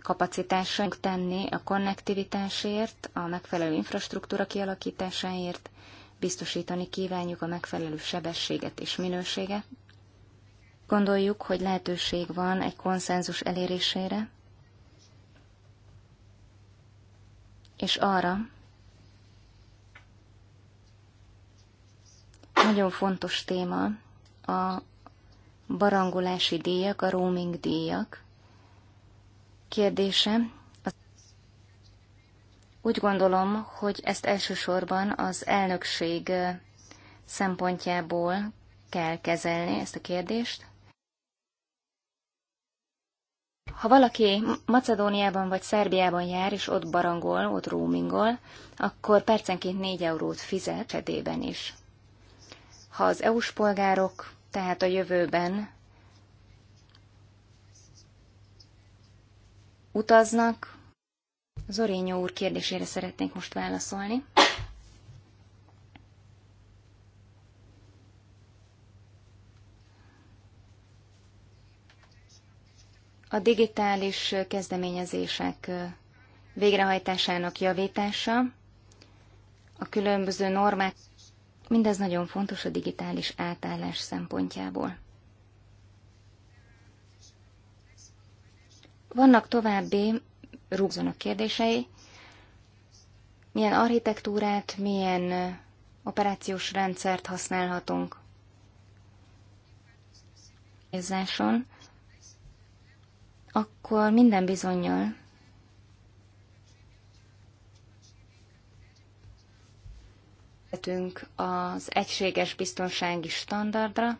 kapacitásunk tenni a konnektivitásért, a megfelelő infrastruktúra kialakításáért, biztosítani kívánjuk a megfelelő sebességet és minőséget. Gondoljuk, hogy lehetőség van egy konszenzus elérésére, és arra, nagyon fontos téma a barangolási díjak, a roaming díjak kérdése. Úgy gondolom, hogy ezt elsősorban az elnökség szempontjából kell kezelni ezt a kérdést. Ha valaki Macedóniában vagy Szerbiában jár, és ott barangol, ott roamingol, akkor percenként 4 eurót fizet fedében is. Ha az EU-s polgárok tehát a jövőben utaznak, Zorényó úr kérdésére szeretnék most válaszolni. a digitális kezdeményezések végrehajtásának javítása, a különböző normák, mindez nagyon fontos a digitális átállás szempontjából. Vannak további rúgzonok kérdései, milyen architektúrát, milyen operációs rendszert használhatunk. Ézáson akkor minden bizonyal az egységes biztonsági standardra,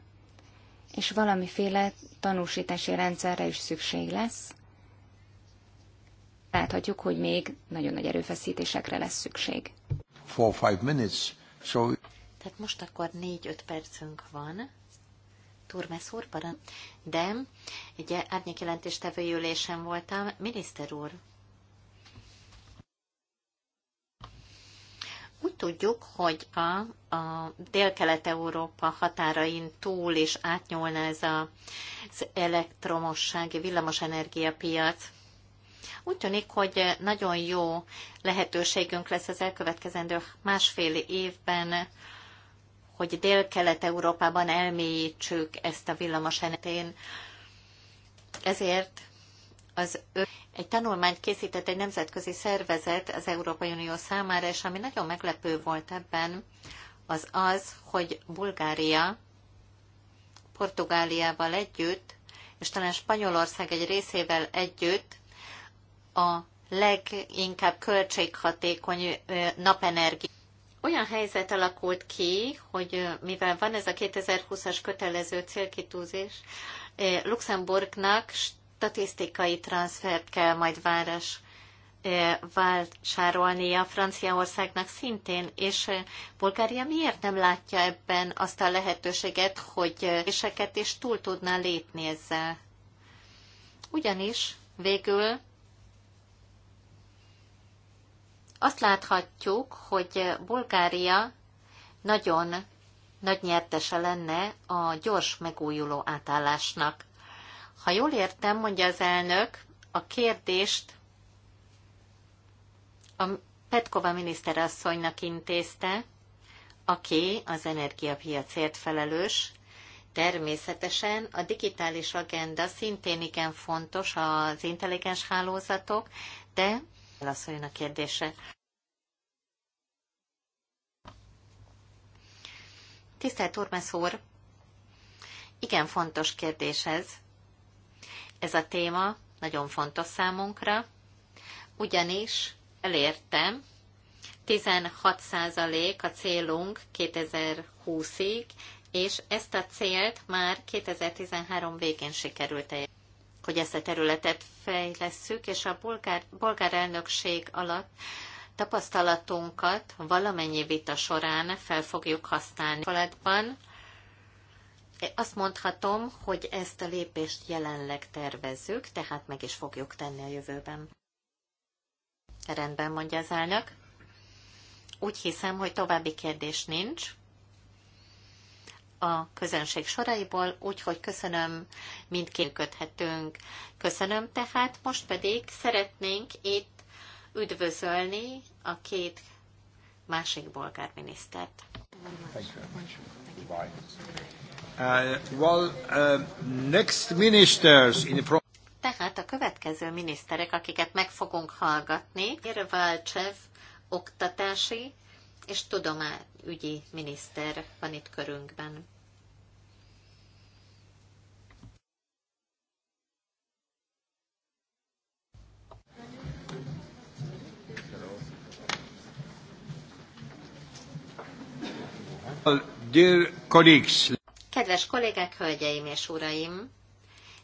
és valamiféle tanúsítási rendszerre is szükség lesz. Láthatjuk, hogy még nagyon nagy erőfeszítésekre lesz szükség. Four, five minutes, so... Tehát most akkor négy-öt percünk van, Turmes úr, paran. De egy árnyékjelentéstevői ülésen voltam, miniszter úr. Úgy tudjuk, hogy a, a dél-kelet-európa határain túl is átnyúlna ez a, az elektromossági villamosenergia piac. Úgy tűnik, hogy nagyon jó lehetőségünk lesz az elkövetkezendő másfél évben hogy Dél-Kelet-Európában elmélyítsük ezt a villamos enetén. Ezért az ő egy tanulmányt készített egy nemzetközi szervezet az Európai Unió számára, és ami nagyon meglepő volt ebben, az az, hogy Bulgária Portugáliával együtt, és talán Spanyolország egy részével együtt a leginkább költséghatékony napenergia olyan helyzet alakult ki, hogy mivel van ez a 2020-as kötelező célkitúzés, Luxemburgnak statisztikai transfert kell majd város vásárolnia Franciaországnak szintén, és Bulgária miért nem látja ebben azt a lehetőséget, hogy eseket és túl tudná lépni ezzel? Ugyanis végül Azt láthatjuk, hogy Bulgária nagyon nagy nyertese lenne a gyors megújuló átállásnak. Ha jól értem, mondja az elnök, a kérdést a Petkova miniszterasszonynak intézte, aki az energiapiacért felelős. Természetesen a digitális agenda szintén igen fontos az intelligens hálózatok, de a kérdése. Tisztelt Urmes úr, igen fontos kérdés ez. Ez a téma nagyon fontos számunkra, ugyanis elértem, 16% a célunk 2020-ig, és ezt a célt már 2013 végén sikerült elérni hogy ezt a területet fejlesszük, és a bolgár, bolgár elnökség alatt tapasztalatunkat valamennyi vita során fel fogjuk használni. azt mondhatom, hogy ezt a lépést jelenleg tervezzük, tehát meg is fogjuk tenni a jövőben. Rendben, mondja az elnök. Úgy hiszem, hogy további kérdés nincs a közönség soraiból, úgyhogy köszönöm, mindként köthetünk. Köszönöm tehát, most pedig szeretnénk itt üdvözölni a két másik bolgárminisztert. minisztert. Uh, well, uh, next ministers in the tehát a következő miniszterek, akiket meg fogunk hallgatni, Irvalcsev oktatási és tudomány ügyi miniszter van itt körünkben. Kedves kollégák, hölgyeim és uraim!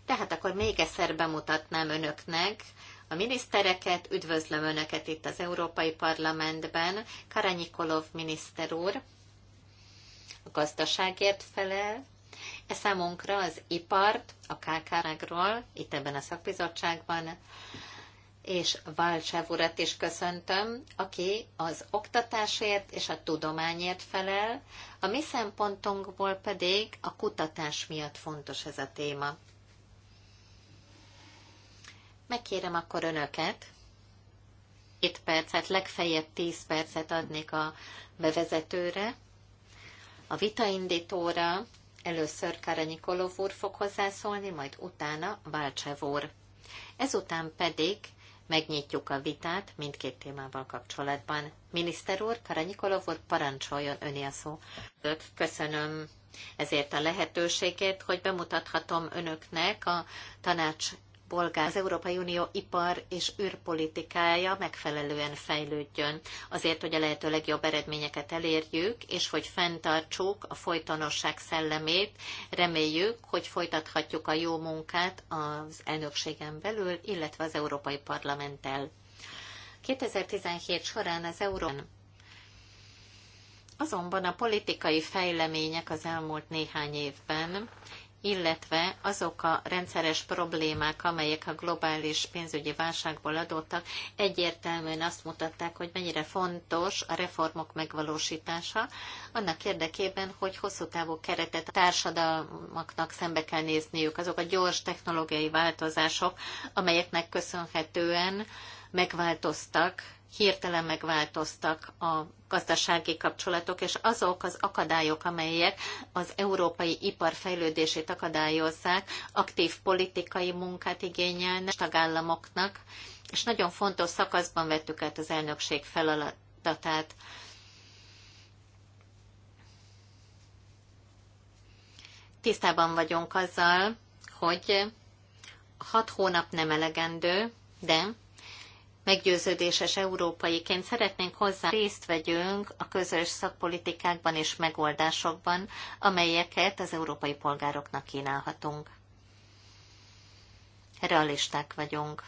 Tehát akkor még egyszer bemutatnám önöknek a minisztereket, üdvözlöm Önöket itt az Európai Parlamentben. Karanyikolov miniszter úr a gazdaságért felel, e számunkra az ipart, a KKR-ról, itt ebben a szakbizottságban, és Válcsev urat is köszöntöm, aki az oktatásért és a tudományért felel, a mi szempontunkból pedig a kutatás miatt fontos ez a téma. Megkérem akkor önöket, Két percet, legfeljebb 10 percet adnék a bevezetőre, a vitaindítóra, Először Karanyikolov úr fog hozzászólni, majd utána Válcsev úr. Ezután pedig megnyitjuk a vitát mindkét témával kapcsolatban. Miniszter úr, Karanyikolov úr, parancsoljon öné a szó. Köszönöm ezért a lehetőségét, hogy bemutathatom önöknek a tanács polgár, az Európai Unió ipar és űrpolitikája megfelelően fejlődjön, azért, hogy a lehető legjobb eredményeket elérjük, és hogy fenntartsuk a folytonosság szellemét. Reméljük, hogy folytathatjuk a jó munkát az elnökségen belül, illetve az Európai Parlamenttel. 2017 során az Európán Azonban a politikai fejlemények az elmúlt néhány évben illetve azok a rendszeres problémák, amelyek a globális pénzügyi válságból adottak, egyértelműen azt mutatták, hogy mennyire fontos a reformok megvalósítása, annak érdekében, hogy hosszú távú keretet a társadalmaknak szembe kell nézniük, azok a gyors technológiai változások, amelyeknek köszönhetően megváltoztak hirtelen megváltoztak a gazdasági kapcsolatok, és azok az akadályok, amelyek az európai ipar fejlődését akadályozzák, aktív politikai munkát igényelnek tagállamoknak, és nagyon fontos szakaszban vettük át az elnökség feladatát. Tisztában vagyunk azzal, hogy hat hónap nem elegendő, de meggyőződéses európaiként szeretnénk hozzá részt vegyünk a közös szakpolitikákban és megoldásokban, amelyeket az európai polgároknak kínálhatunk. Realisták vagyunk.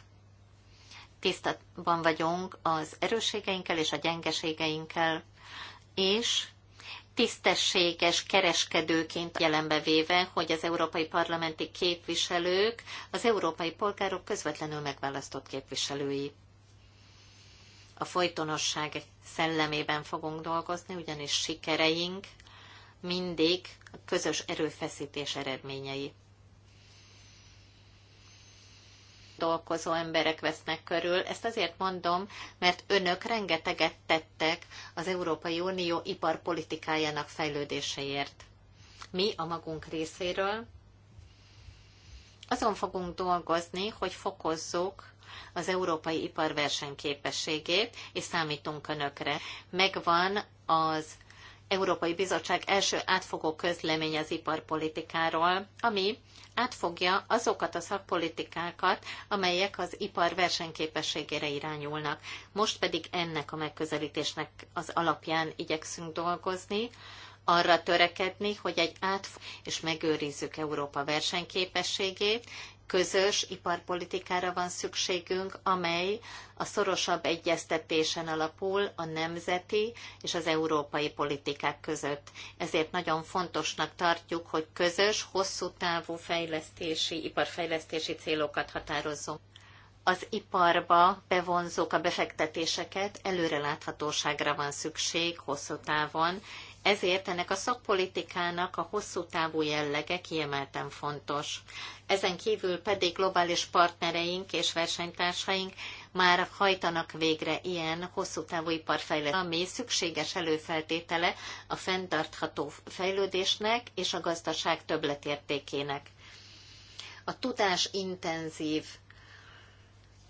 Tisztatban vagyunk az erősségeinkkel és a gyengeségeinkkel, és tisztességes kereskedőként jelenbe véve, hogy az európai parlamenti képviselők az európai polgárok közvetlenül megválasztott képviselői a folytonosság szellemében fogunk dolgozni, ugyanis sikereink mindig a közös erőfeszítés eredményei. dolgozó emberek vesznek körül. Ezt azért mondom, mert önök rengeteget tettek az Európai Unió iparpolitikájának fejlődéséért. Mi a magunk részéről azon fogunk dolgozni, hogy fokozzuk az európai ipar versenyképességét, és számítunk önökre. Megvan az Európai Bizottság első átfogó közlemény az iparpolitikáról, ami átfogja azokat a szakpolitikákat, amelyek az ipar versenyképességére irányulnak. Most pedig ennek a megközelítésnek az alapján igyekszünk dolgozni, arra törekedni, hogy egy átfogó és megőrizzük Európa versenyképességét, közös iparpolitikára van szükségünk, amely a szorosabb egyeztetésen alapul a nemzeti és az európai politikák között. Ezért nagyon fontosnak tartjuk, hogy közös, hosszú távú fejlesztési, iparfejlesztési célokat határozzunk. Az iparba bevonzók a befektetéseket, előreláthatóságra van szükség hosszú távon, ezért ennek a szakpolitikának a hosszú távú jellege kiemelten fontos. Ezen kívül pedig globális partnereink és versenytársaink már hajtanak végre ilyen hosszú távú iparfejlesztés, ami szükséges előfeltétele a fenntartható fejlődésnek és a gazdaság többletértékének. A tudás intenzív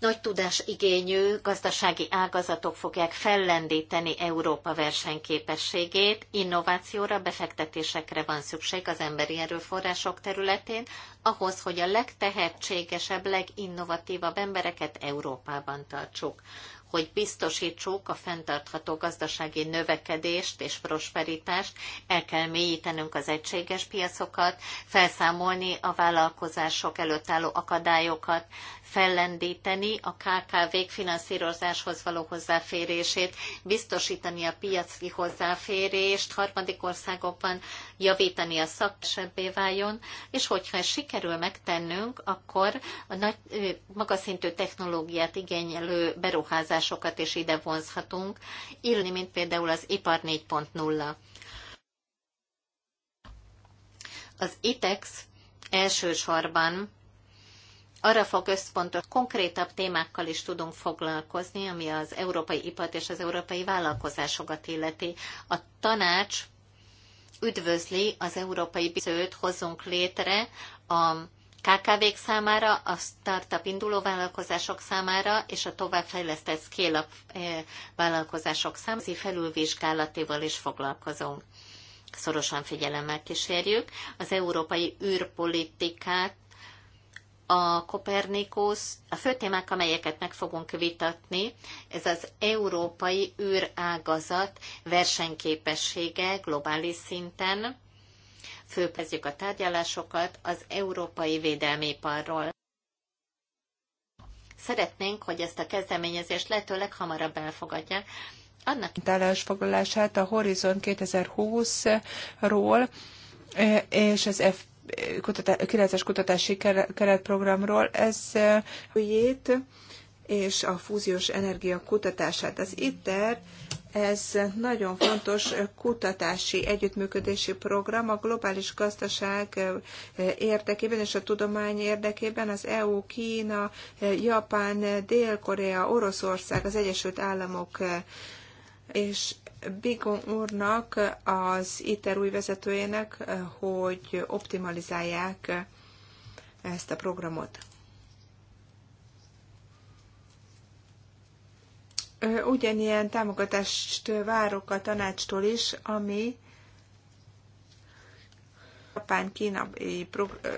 nagy tudásigényű gazdasági ágazatok fogják fellendíteni Európa versenyképességét, innovációra, befektetésekre van szükség az emberi erőforrások területén, ahhoz, hogy a legtehetségesebb, leginnovatívabb embereket Európában tartsuk hogy biztosítsuk a fenntartható gazdasági növekedést és prosperitást, el kell mélyítenünk az egységes piacokat, felszámolni a vállalkozások előtt álló akadályokat, fellendíteni a KKV-k finanszírozáshoz való hozzáférését, biztosítani a piaci hozzáférést, harmadik országokban javítani a szaksebbé váljon, és hogyha ezt sikerül megtennünk, akkor a nagy, magaszintű technológiát igényelő beruházásokat is ide vonzhatunk, illetve mint például az Ipar 4.0. Az ITEX elsősorban arra fog összpontos, konkrétabb témákkal is tudunk foglalkozni, ami az európai ipart és az európai vállalkozásokat illeti. A tanács üdvözli az Európai Bizottságot hozunk létre a KKV-k számára, a startup induló vállalkozások számára és a továbbfejlesztett scale-up eh, vállalkozások számára felülvizsgálatéval is foglalkozunk. Szorosan figyelemmel kísérjük. Az európai űrpolitikát a Kopernikusz, a fő témák, amelyeket meg fogunk vitatni, ez az európai űrágazat versenyképessége globális szinten. Főpezzük a tárgyalásokat az európai védelmiparról. Szeretnénk, hogy ezt a kezdeményezést lehetőleg hamarabb elfogadja. annak foglalását a Horizon 2020-ról eh, és az FP kutatá, 9-es kutatási keretprogramról, ez ügyét és a fúziós energia kutatását. Az ITER ez nagyon fontos kutatási együttműködési program a globális gazdaság érdekében és a tudomány érdekében az EU, Kína, Japán, Dél-Korea, Oroszország, az Egyesült Államok és Bigon úrnak, az ITER új vezetőjének, hogy optimalizálják ezt a programot. Ugyanilyen támogatást várok a tanácstól is, ami Japán, Kína eh, eh,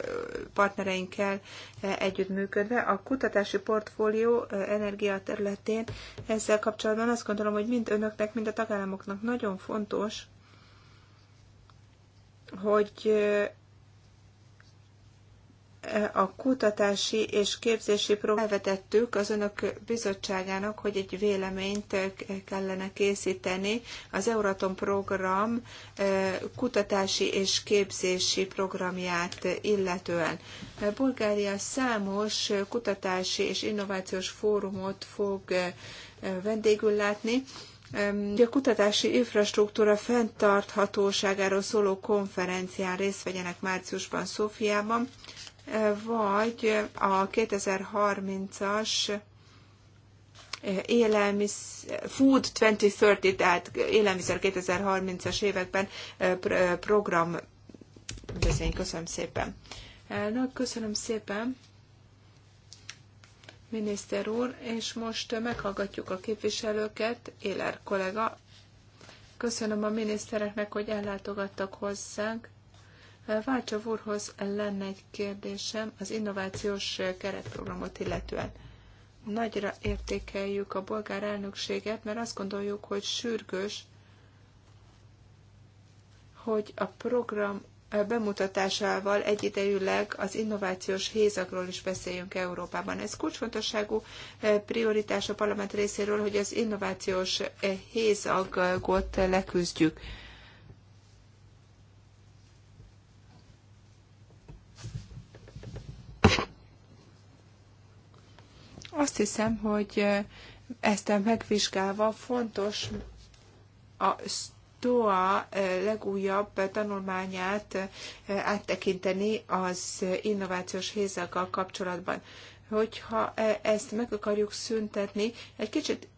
partnereinkkel eh, együttműködve. A kutatási portfólió energia területén ezzel kapcsolatban azt gondolom, hogy mind önöknek, mind a tagállamoknak nagyon fontos, hogy a kutatási és képzési programot elvetettük az önök bizottságának, hogy egy véleményt eh, kellene készíteni az Euratom program eh, kutatási és képzési programját illetően. Eh, Bulgária számos kutatási és innovációs fórumot fog vendégül látni, a kutatási infrastruktúra fenntarthatóságáról szóló konferencián részt vegyenek márciusban Szófiában vagy a 2030-as élelmiszer, Food 2030, tehát élelmiszer 2030-as években program Köszönöm szépen. Na, köszönöm szépen, miniszter úr, és most meghallgatjuk a képviselőket, Éler kollega. Köszönöm a minisztereknek, hogy ellátogattak hozzánk. Váltsav úrhoz lenne egy kérdésem az innovációs keretprogramot illetően. Nagyra értékeljük a bolgár elnökséget, mert azt gondoljuk, hogy sürgős, hogy a program bemutatásával egyidejűleg az innovációs hézagról is beszéljünk Európában. Ez kulcsfontosságú eh, prioritás a parlament részéről, hogy az innovációs eh, hézagot leküzdjük. Azt hiszem, hogy ezt a megvizsgálva fontos a STOA legújabb tanulmányát áttekinteni az innovációs hézakkal kapcsolatban. Hogyha ezt meg akarjuk szüntetni, egy kicsit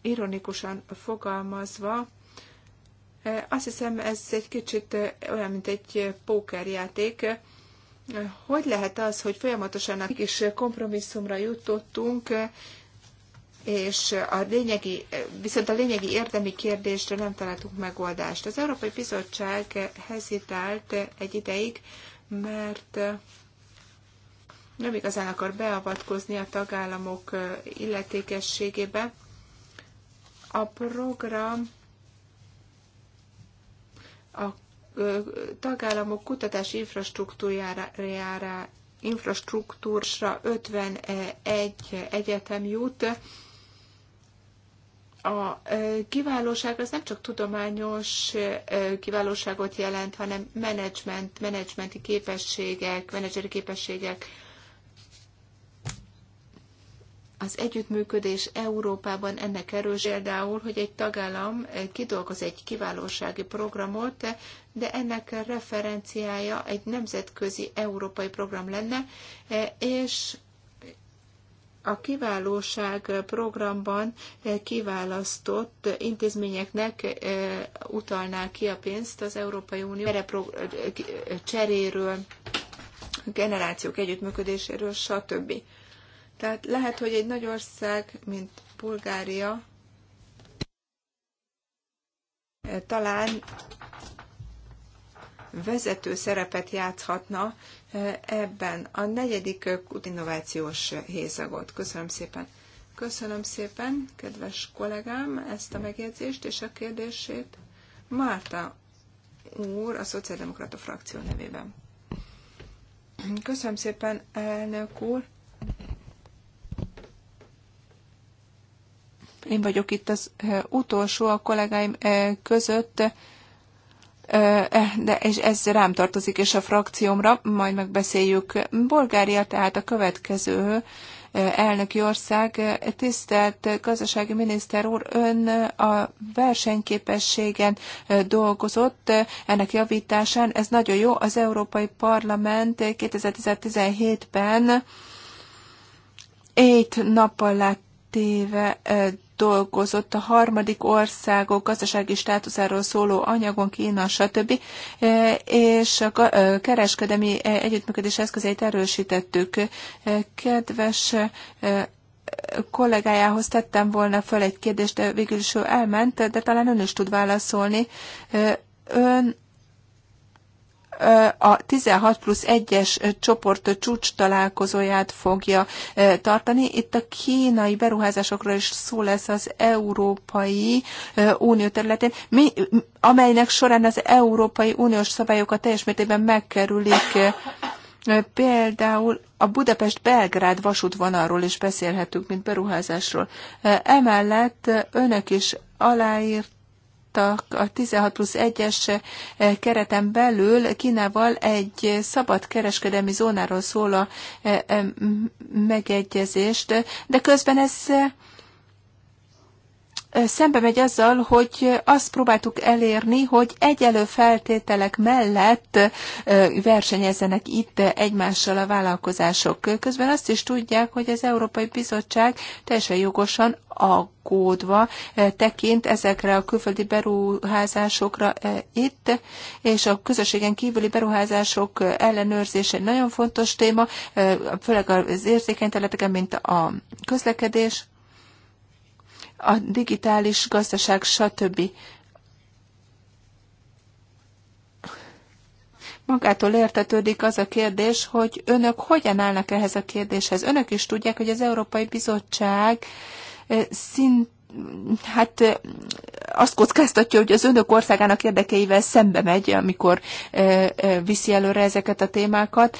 ironikusan fogalmazva, azt hiszem ez egy kicsit olyan, mint egy pókerjáték, hogy lehet az, hogy folyamatosan a kis kompromisszumra jutottunk, és a lényegi, viszont a lényegi érdemi kérdésre nem találtunk megoldást. Az Európai Bizottság hezitált egy ideig, mert nem igazán akar beavatkozni a tagállamok illetékességébe. A program a tagállamok kutatási infrastruktúrájára infrastruktúrsra 51 egyetem jut. A kiválóság az nem csak tudományos kiválóságot jelent, hanem menedzsment, menedzsmenti képességek, menedzseri képességek, az együttműködés Európában ennek erős például, hogy egy tagállam eh, kidolgoz egy kiválósági programot, de ennek referenciája egy nemzetközi európai program lenne, eh, és a kiválóság programban eh, kiválasztott intézményeknek utalná ki a pénzt az Európai Unió cseréről, generációk együttműködéséről, stb. Tehát lehet, hogy egy nagy ország, mint Bulgária, talán vezető szerepet játszhatna e, ebben a negyedik e, innovációs hézagot. Köszönöm szépen. Köszönöm szépen, kedves kollégám, ezt a megjegyzést és a kérdését. Márta úr, a Szociáldemokrata frakció nevében. Köszönöm szépen, elnök úr. én vagyok itt az utolsó a kollégáim között, de és ez rám tartozik, és a frakciómra, majd megbeszéljük. Bulgária tehát a következő elnöki ország. Tisztelt gazdasági miniszter úr, ön a versenyképességen dolgozott, ennek javításán. Ez nagyon jó. Az Európai Parlament 2017-ben 8 nappal lett téve dolgozott a harmadik országok gazdasági státuszáról szóló anyagon, Kína, stb. E, és a e, kereskedemi e, együttműködés eszközeit erősítettük. Kedves kollégájához tettem volna föl egy kérdést, de végül is ő elment, de talán ön is tud válaszolni. Ön a 16 plusz 1-es csoport csúcs találkozóját fogja eh, tartani. Itt a kínai beruházásokról is szó lesz az Európai eh, Unió területén, mi, amelynek során az Európai Uniós szabályokat teljes mértékben megkerülik. Eh, például a Budapest-Belgrád vasútvonalról is beszélhetünk, mint beruházásról. Emellett önök is aláírt tudtak a 16 plusz 1-es eh, kereten belül Kínával egy szabad kereskedelmi zónáról szól a eh, eh, megegyezést, de közben ez szembe megy azzal, hogy azt próbáltuk elérni, hogy egyelő feltételek mellett versenyezzenek itt egymással a vállalkozások. Közben azt is tudják, hogy az Európai Bizottság teljesen jogosan aggódva tekint ezekre a külföldi beruházásokra itt, és a közösségen kívüli beruházások ellenőrzése egy nagyon fontos téma, főleg az érzékeny területeken, mint a közlekedés, a digitális gazdaság, stb. Magától értetődik az a kérdés, hogy önök hogyan állnak ehhez a kérdéshez. Önök is tudják, hogy az Európai Bizottság eh, szint hát eh, azt kockáztatja, hogy az önök országának érdekeivel szembe megy, amikor eh, viszi előre ezeket a témákat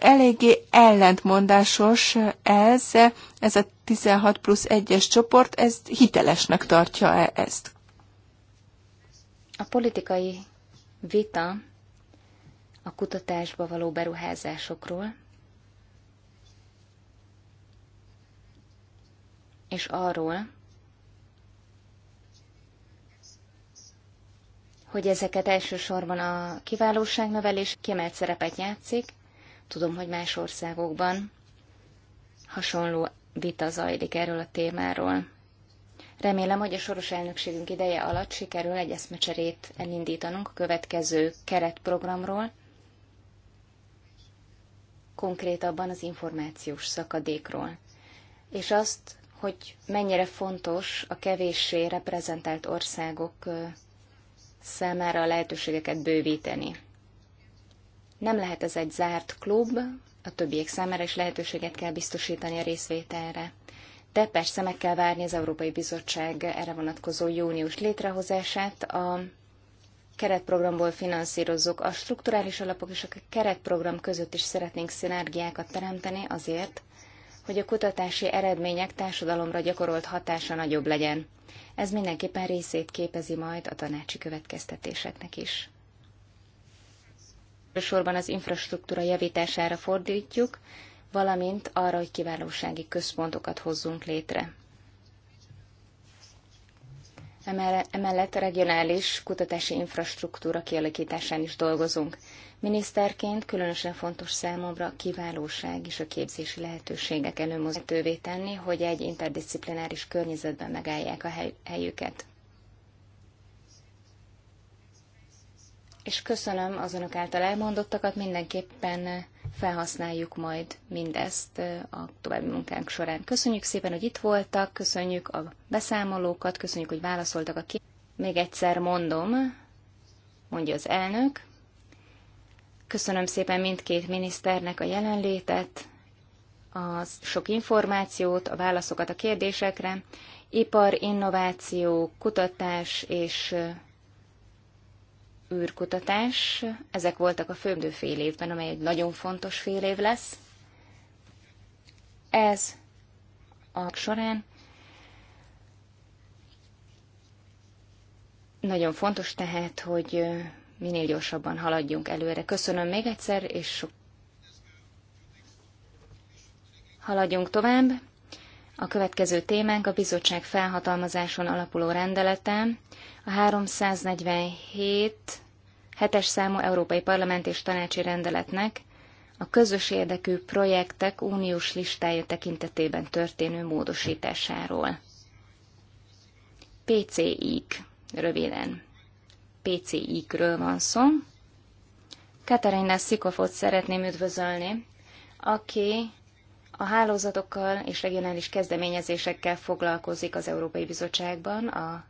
eléggé ellentmondásos ez, ez a 16 plusz 1-es csoport, ez hitelesnek tartja -e ezt? A politikai vita a kutatásba való beruházásokról, és arról, hogy ezeket elsősorban a kiválóságnövelés kiemelt szerepet játszik, Tudom, hogy más országokban hasonló vita zajlik erről a témáról. Remélem, hogy a soros elnökségünk ideje alatt sikerül egy eszmecserét elindítanunk a következő keretprogramról, konkrétabban az információs szakadékról. És azt, hogy mennyire fontos a kevéssé reprezentált országok számára a lehetőségeket bővíteni. Nem lehet ez egy zárt klub, a többiek számára is lehetőséget kell biztosítani a részvételre. De persze meg kell várni az Európai Bizottság erre vonatkozó június létrehozását. A keretprogramból finanszírozzuk a strukturális alapok és a keretprogram között is szeretnénk szinergiákat teremteni azért, hogy a kutatási eredmények társadalomra gyakorolt hatása nagyobb legyen. Ez mindenképpen részét képezi majd a tanácsi következtetéseknek is elsősorban az infrastruktúra javítására fordítjuk, valamint arra, hogy kiválósági központokat hozzunk létre. Emellett a regionális kutatási infrastruktúra kialakításán is dolgozunk. Miniszterként különösen fontos számomra a kiválóság és a képzési lehetőségek előmozgatővé tenni, hogy egy interdisziplináris környezetben megállják a helyüket. és köszönöm az önök által elmondottakat, mindenképpen felhasználjuk majd mindezt eh, a további munkánk során. Köszönjük szépen, hogy itt voltak, köszönjük a beszámolókat, köszönjük, hogy válaszoltak a kérdéseket. Még egyszer mondom, mondja az elnök. Köszönöm szépen mindkét miniszternek a jelenlétet, a sok információt, a válaszokat a kérdésekre. Ipar, innováció, kutatás és eh, űrkutatás, ezek voltak a földő fél évben, amely egy nagyon fontos fél év lesz. Ez a során nagyon fontos tehát, hogy minél gyorsabban haladjunk előre. Köszönöm még egyszer, és sok. haladjunk tovább. A következő témánk a bizottság felhatalmazáson alapuló rendelete, a 347 hetes számú Európai Parlament és Tanácsi Rendeletnek a közös érdekű projektek uniós listája tekintetében történő módosításáról. PCI-k röviden. PCI-kről van szó. Katarina Szikofot szeretném üdvözölni, aki a hálózatokkal és regionális kezdeményezésekkel foglalkozik az Európai Bizottságban a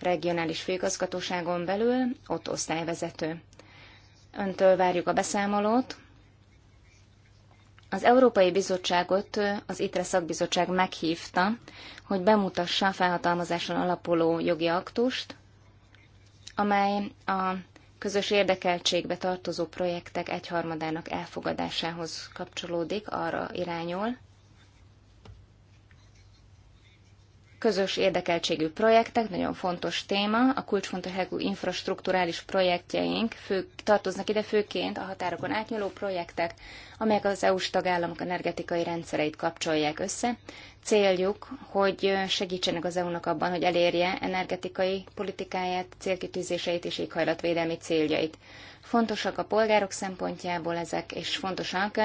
regionális főigazgatóságon belül, ott osztályvezető. Öntől várjuk a beszámolót. Az Európai Bizottságot az ITRE szakbizottság meghívta, hogy bemutassa a felhatalmazáson alapuló jogi aktust, amely a közös érdekeltségbe tartozó projektek egyharmadának elfogadásához kapcsolódik, arra irányul, közös érdekeltségű projektek, nagyon fontos téma. A kulcsfontosságú infrastruktúrális projektjeink fő, tartoznak ide főként a határokon átnyúló projektek, amelyek az EU-s tagállamok energetikai rendszereit kapcsolják össze. Céljuk, hogy segítsenek az EU-nak abban, hogy elérje energetikai politikáját, célkitűzéseit és éghajlatvédelmi céljait. Fontosak a polgárok szempontjából ezek, és fontosak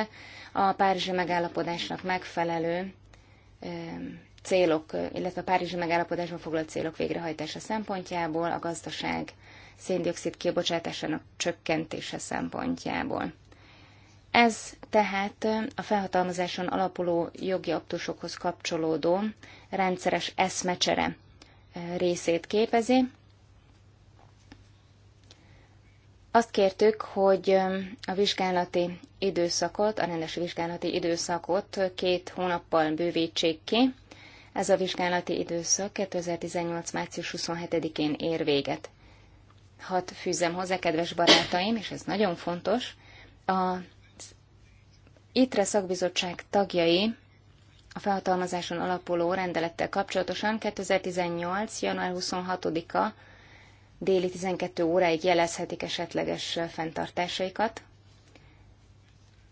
a Párizsi megállapodásnak megfelelő célok, illetve a Párizsi megállapodásban foglalt célok végrehajtása szempontjából, a gazdaság széndiokszid kibocsátásának csökkentése szempontjából. Ez tehát a felhatalmazáson alapuló jogi aktusokhoz kapcsolódó rendszeres eszmecsere eh, részét képezi. Azt kértük, hogy eh, a vizsgálati időszakot, a rendes vizsgálati időszakot két hónappal bővítsék ki, ez a vizsgálati időszak 2018. március 27-én ér véget. Hadd fűzzem hozzá, kedves barátaim, és ez nagyon fontos, a ITRE szakbizottság tagjai a felhatalmazáson alapuló rendelettel kapcsolatosan 2018. január 26-a déli 12 óráig jelezhetik esetleges fenntartásaikat.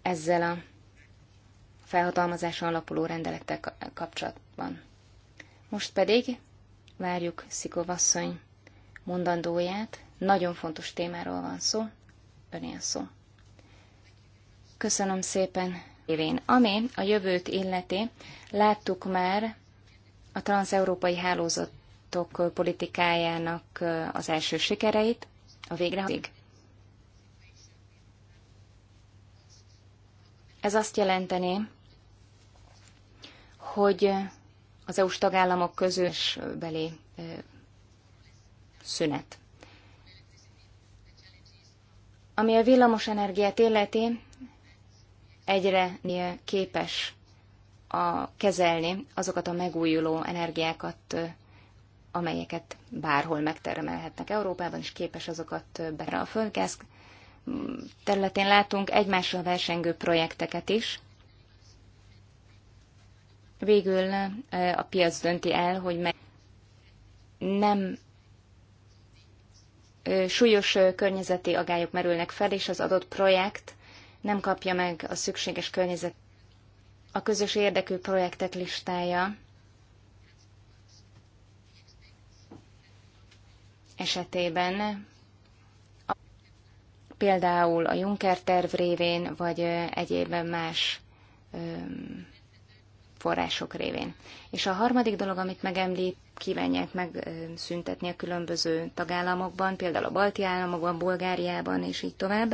Ezzel a felhatalmazáson alapuló rendelettel kapcsolatban. Most pedig várjuk Szikovasszony mondandóját. Nagyon fontos témáról van szó. Önél szó. Köszönöm szépen, Évén. Ami a jövőt illeti, láttuk már a transeurópai hálózatok politikájának az első sikereit, a végrehatig. Ez azt jelenteni, hogy az EU-s tagállamok közös belé szünet. Ami a villamos energiát illeti, egyre képes a kezelni azokat a megújuló energiákat, amelyeket bárhol megtermelhetnek Európában, és képes azokat benne a földgáz mm, területén látunk egymással versengő projekteket is, Végül a piac dönti el, hogy meg nem súlyos környezeti agályok merülnek fel, és az adott projekt nem kapja meg a szükséges környezet. A közös érdekű projektek listája esetében például a Juncker terv révén, vagy egyéb más források révén. És a harmadik dolog, amit megemlít, kívánják megszüntetni a különböző tagállamokban, például a balti államokban, Bulgáriában és így tovább.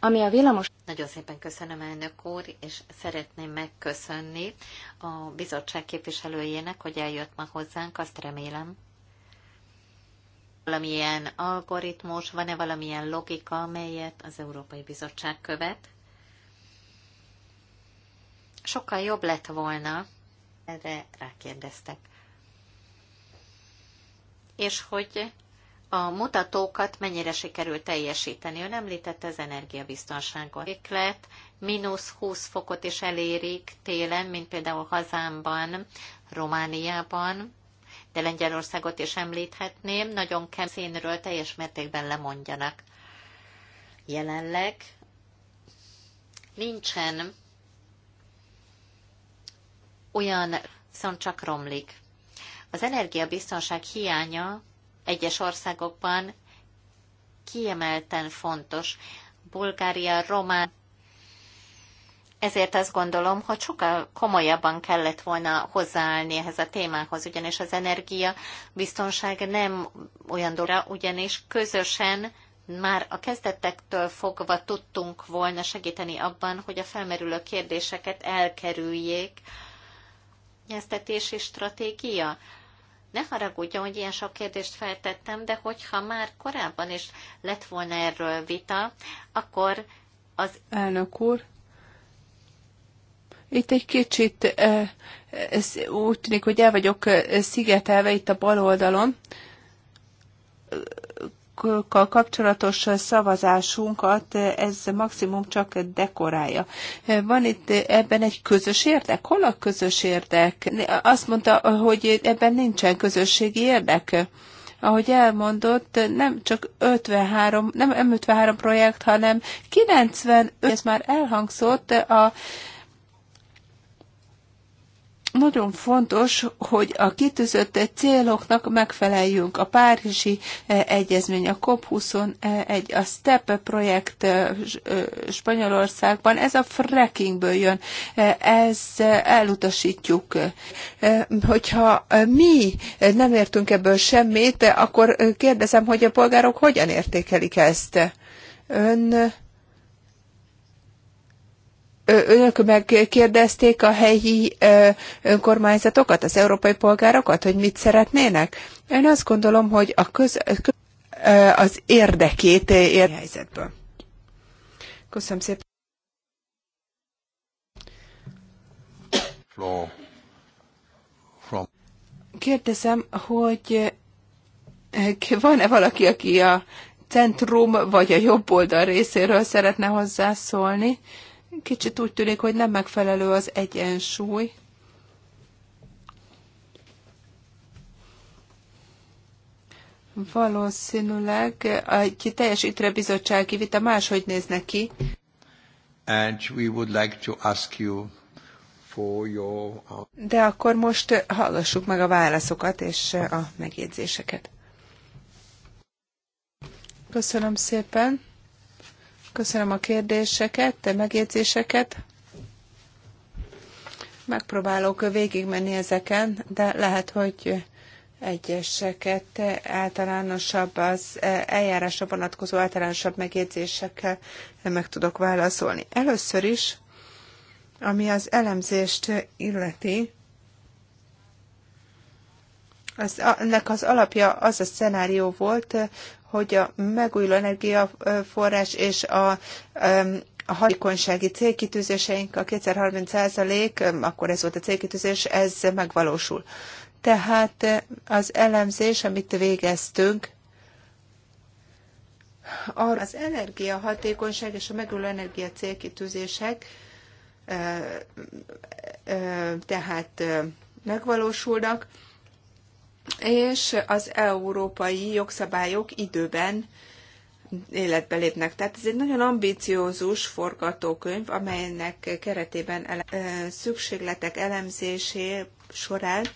Ami a villamos... Nagyon szépen köszönöm, elnök úr, és szeretném megköszönni a bizottság képviselőjének, hogy eljött ma hozzánk, azt remélem. Valamilyen algoritmus, van-e valamilyen logika, amelyet az Európai Bizottság követ? sokkal jobb lett volna, erre rákérdeztek. És hogy a mutatókat mennyire sikerült teljesíteni. Ön említette az energiabiztonságot. Éklet mínusz 20 fokot is elérik télen, mint például hazámban, Romániában, de Lengyelországot is említhetném, nagyon kemény színről teljes mértékben lemondjanak. Jelenleg nincsen olyan viszont csak romlik. Az energiabiztonság hiánya egyes országokban kiemelten fontos. Bulgária, Román. Ezért azt gondolom, hogy sokkal komolyabban kellett volna hozzáállni ehhez a témához, ugyanis az energia biztonság nem olyan dolga, ugyanis közösen már a kezdetektől fogva tudtunk volna segíteni abban, hogy a felmerülő kérdéseket elkerüljék, figyelmeztetési stratégia? Ne haragudjon, hogy ilyen sok kérdést feltettem, de hogyha már korábban is lett volna erről vita, akkor az... Elnök úr, itt egy kicsit eh, ez úgy tűnik, hogy el vagyok eh, szigetelve itt a bal oldalon kal kapcsolatos szavazásunkat ez maximum csak dekorálja. Van itt ebben egy közös érdek? Hol a közös érdek? Azt mondta, hogy ebben nincsen közösségi érdek. Ahogy elmondott, nem csak 53, nem 53 projekt, hanem 95, ez már elhangzott a nagyon fontos, hogy a kitűzött céloknak megfeleljünk. A Párizsi eh, Egyezmény, a COP21, a STEP projekt eh, eh, Spanyolországban, ez a frackingből jön, ez elutasítjuk. Hogyha mi nem értünk ebből semmit, akkor kérdezem, hogy a polgárok hogyan értékelik ezt? Ön önök megkérdezték a helyi önkormányzatokat, az európai polgárokat, hogy mit szeretnének? Én azt gondolom, hogy a köz, az érdekét ér helyzetből. Köszönöm szépen. Kérdezem, hogy van-e valaki, aki a centrum vagy a jobb oldal részéről szeretne hozzászólni? Kicsit úgy tűnik, hogy nem megfelelő az egyensúly. Valószínűleg egy teljes ITRE bizottsági vita máshogy néz ki. And we would like to ask you for your... Uh, De akkor most hallgassuk meg a válaszokat és a megjegyzéseket. Köszönöm szépen. Köszönöm a kérdéseket, megjegyzéseket. Megpróbálok végigmenni ezeken, de lehet, hogy egyeseket általánosabb, az eljárásra vonatkozó általánosabb megjegyzésekkel meg tudok válaszolni. Először is, ami az elemzést illeti, az, ennek az alapja az a szenárió volt, hogy a megújuló energiaforrás és a, a hatékonysági célkitűzéseink, a 2030 akkor ez volt a célkitűzés, ez megvalósul. Tehát az elemzés, amit végeztünk, az energiahatékonyság és a megújuló energia célkitűzések, tehát megvalósulnak, és az európai jogszabályok időben életbe lépnek. Tehát ez egy nagyon ambiciózus forgatókönyv, amelynek keretében ele- szükségletek elemzésé során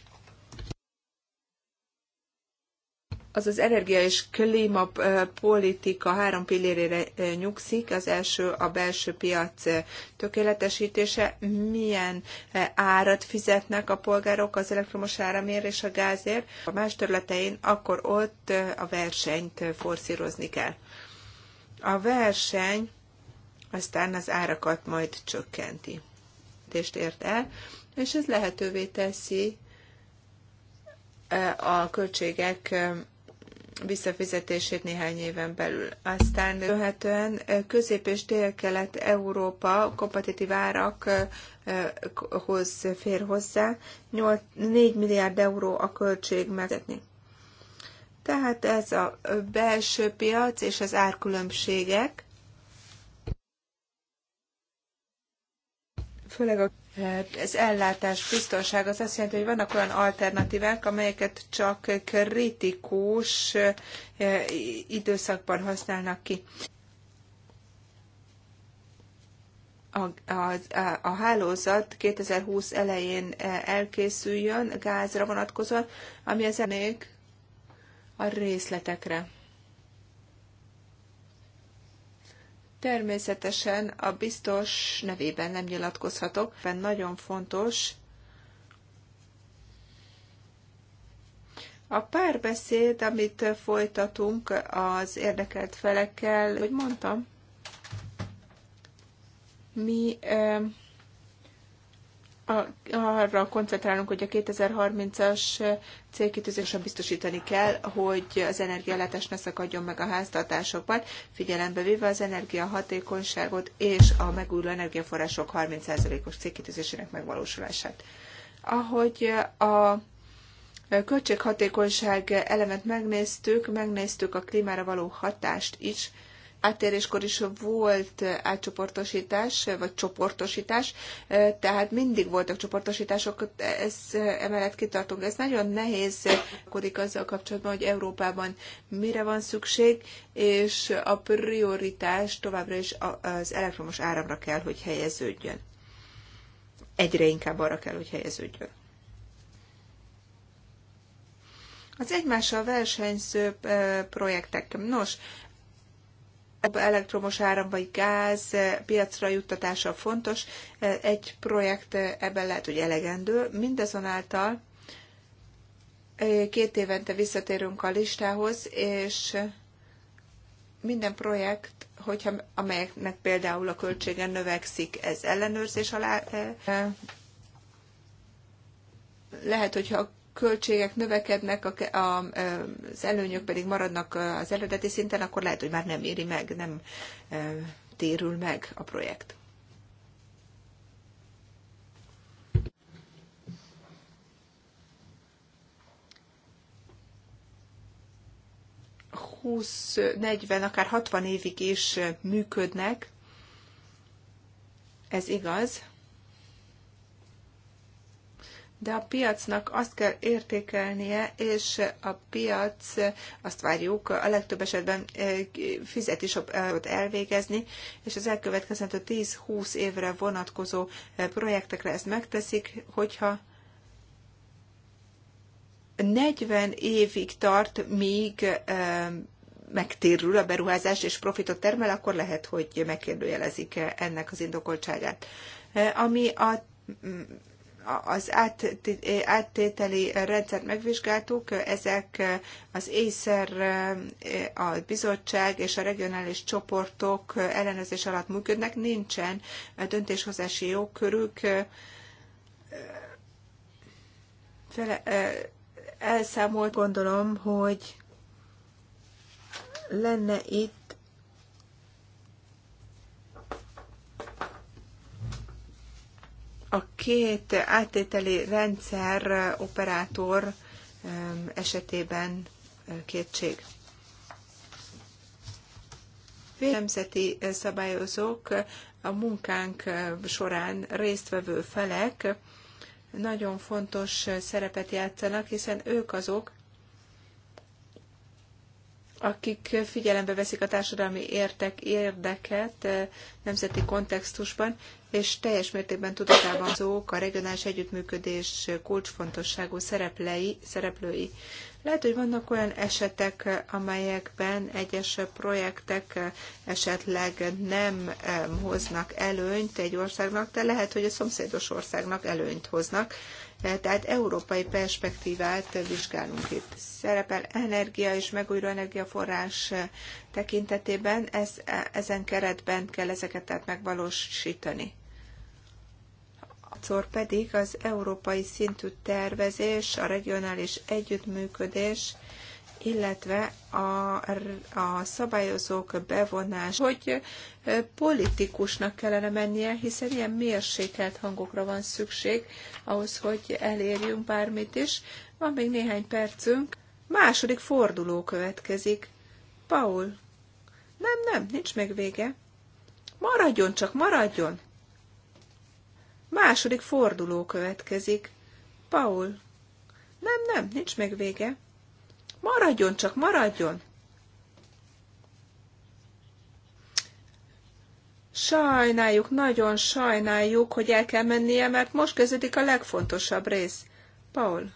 az az energia és klímapolitika három pillérére nyugszik. Az első a belső piac tökéletesítése. Milyen árat fizetnek a polgárok az elektromos áramért és a gázért. A más területein akkor ott a versenyt forszírozni kell. A verseny aztán az árakat majd csökkenti. Tést ért el, és ez lehetővé teszi a költségek visszafizetését néhány éven belül. Aztán köszönhetően közép- és dél-kelet-európa kompetitív hoz fér hozzá, 8, 4 milliárd euró a költség megzetni. Tehát ez a belső piac és az árkülönbségek, főleg a az ellátás biztonság az azt jelenti, hogy vannak olyan alternatívák, amelyeket csak kritikus eh, időszakban használnak ki. A, a, a hálózat 2020 elején eh, elkészüljön gázra vonatkozóan, ami még a részletekre. Természetesen a biztos nevében nem nyilatkozhatok, mert nagyon fontos. A párbeszéd, amit folytatunk az érdekelt felekkel, hogy mondtam, mi eh, arra koncentrálunk, hogy a 2030-as célkitűzésre biztosítani kell, hogy az energiállátás ne szakadjon meg a háztartásokban, figyelembe véve az energiahatékonyságot és a megújuló energiaforrások 30%-os célkitűzésének megvalósulását. Ahogy a költséghatékonyság elemet megnéztük, megnéztük a klímára való hatást is, áttéréskor is volt átcsoportosítás, vagy csoportosítás, tehát mindig voltak csoportosítások, ez emellett kitartunk. Ez nagyon nehéz, kodik azzal kapcsolatban, hogy Európában mire van szükség, és a prioritás továbbra is az elektromos áramra kell, hogy helyeződjön. Egyre inkább arra kell, hogy helyeződjön. Az egymással versenyző projektek. Nos, elektromos áram vagy gáz eh, piacra juttatása fontos. Eh, egy projekt eh, ebben lehet, hogy elegendő. Mindazonáltal két évente visszatérünk a listához, és minden projekt, hogyha, amelyeknek például a költsége növekszik, ez ellenőrzés alá lehet, hogyha a költségek növekednek, az előnyök pedig maradnak az eredeti szinten, akkor lehet, hogy már nem éri meg, nem térül meg a projekt. Húsz, negyven, akár 60 évig is működnek, ez igaz, de a piacnak azt kell értékelnie, és a piac, azt várjuk, a legtöbb esetben eh, fizet is eh, elvégezni, és az elkövetkezendő 10-20 évre vonatkozó eh, projektekre ezt megteszik, hogyha 40 évig tart, míg megtérül a beruházás és profitot termel, akkor lehet, hogy megkérdőjelezik ennek az indokoltságát. Ami a mm, az áttételi rendszert megvizsgáltuk, ezek az ÉSZER, a bizottság és a regionális csoportok ellenőrzés alatt működnek, nincsen döntéshozási jogkörük, fele, elszámolt, gondolom, hogy lenne itt a két áttételi rendszer operátor esetében kétség. Nemzeti szabályozók, a munkánk során résztvevő felek nagyon fontos szerepet játszanak, hiszen ők azok, akik figyelembe veszik a társadalmi értek, érdeket eh, nemzeti kontextusban, és teljes mértékben tudatában azok a regionális együttműködés kulcsfontosságú szereplői szereplői. Lehet, hogy vannak olyan esetek, amelyekben egyes projektek esetleg nem hoznak előnyt egy országnak, de lehet, hogy a szomszédos országnak előnyt hoznak. E, tehát európai perspektívát vizsgálunk itt. Szerepel energia és megújuló energiaforrás e, tekintetében, ez, e, ezen keretben kell ezeket tehát megvalósítani. Szor pedig az európai szintű tervezés, a regionális együttműködés, illetve a, a szabályozók bevonás, hogy politikusnak kellene mennie, hiszen ilyen mérsékelt hangokra van szükség ahhoz, hogy elérjünk bármit is. Van még néhány percünk. Második forduló következik. Paul. Nem, nem, nincs meg vége. Maradjon csak, maradjon! Második forduló következik. Paul. Nem, nem, nincs még vége. Maradjon csak, maradjon! Sajnáljuk, nagyon sajnáljuk, hogy el kell mennie, mert most kezdődik a legfontosabb rész. Paul.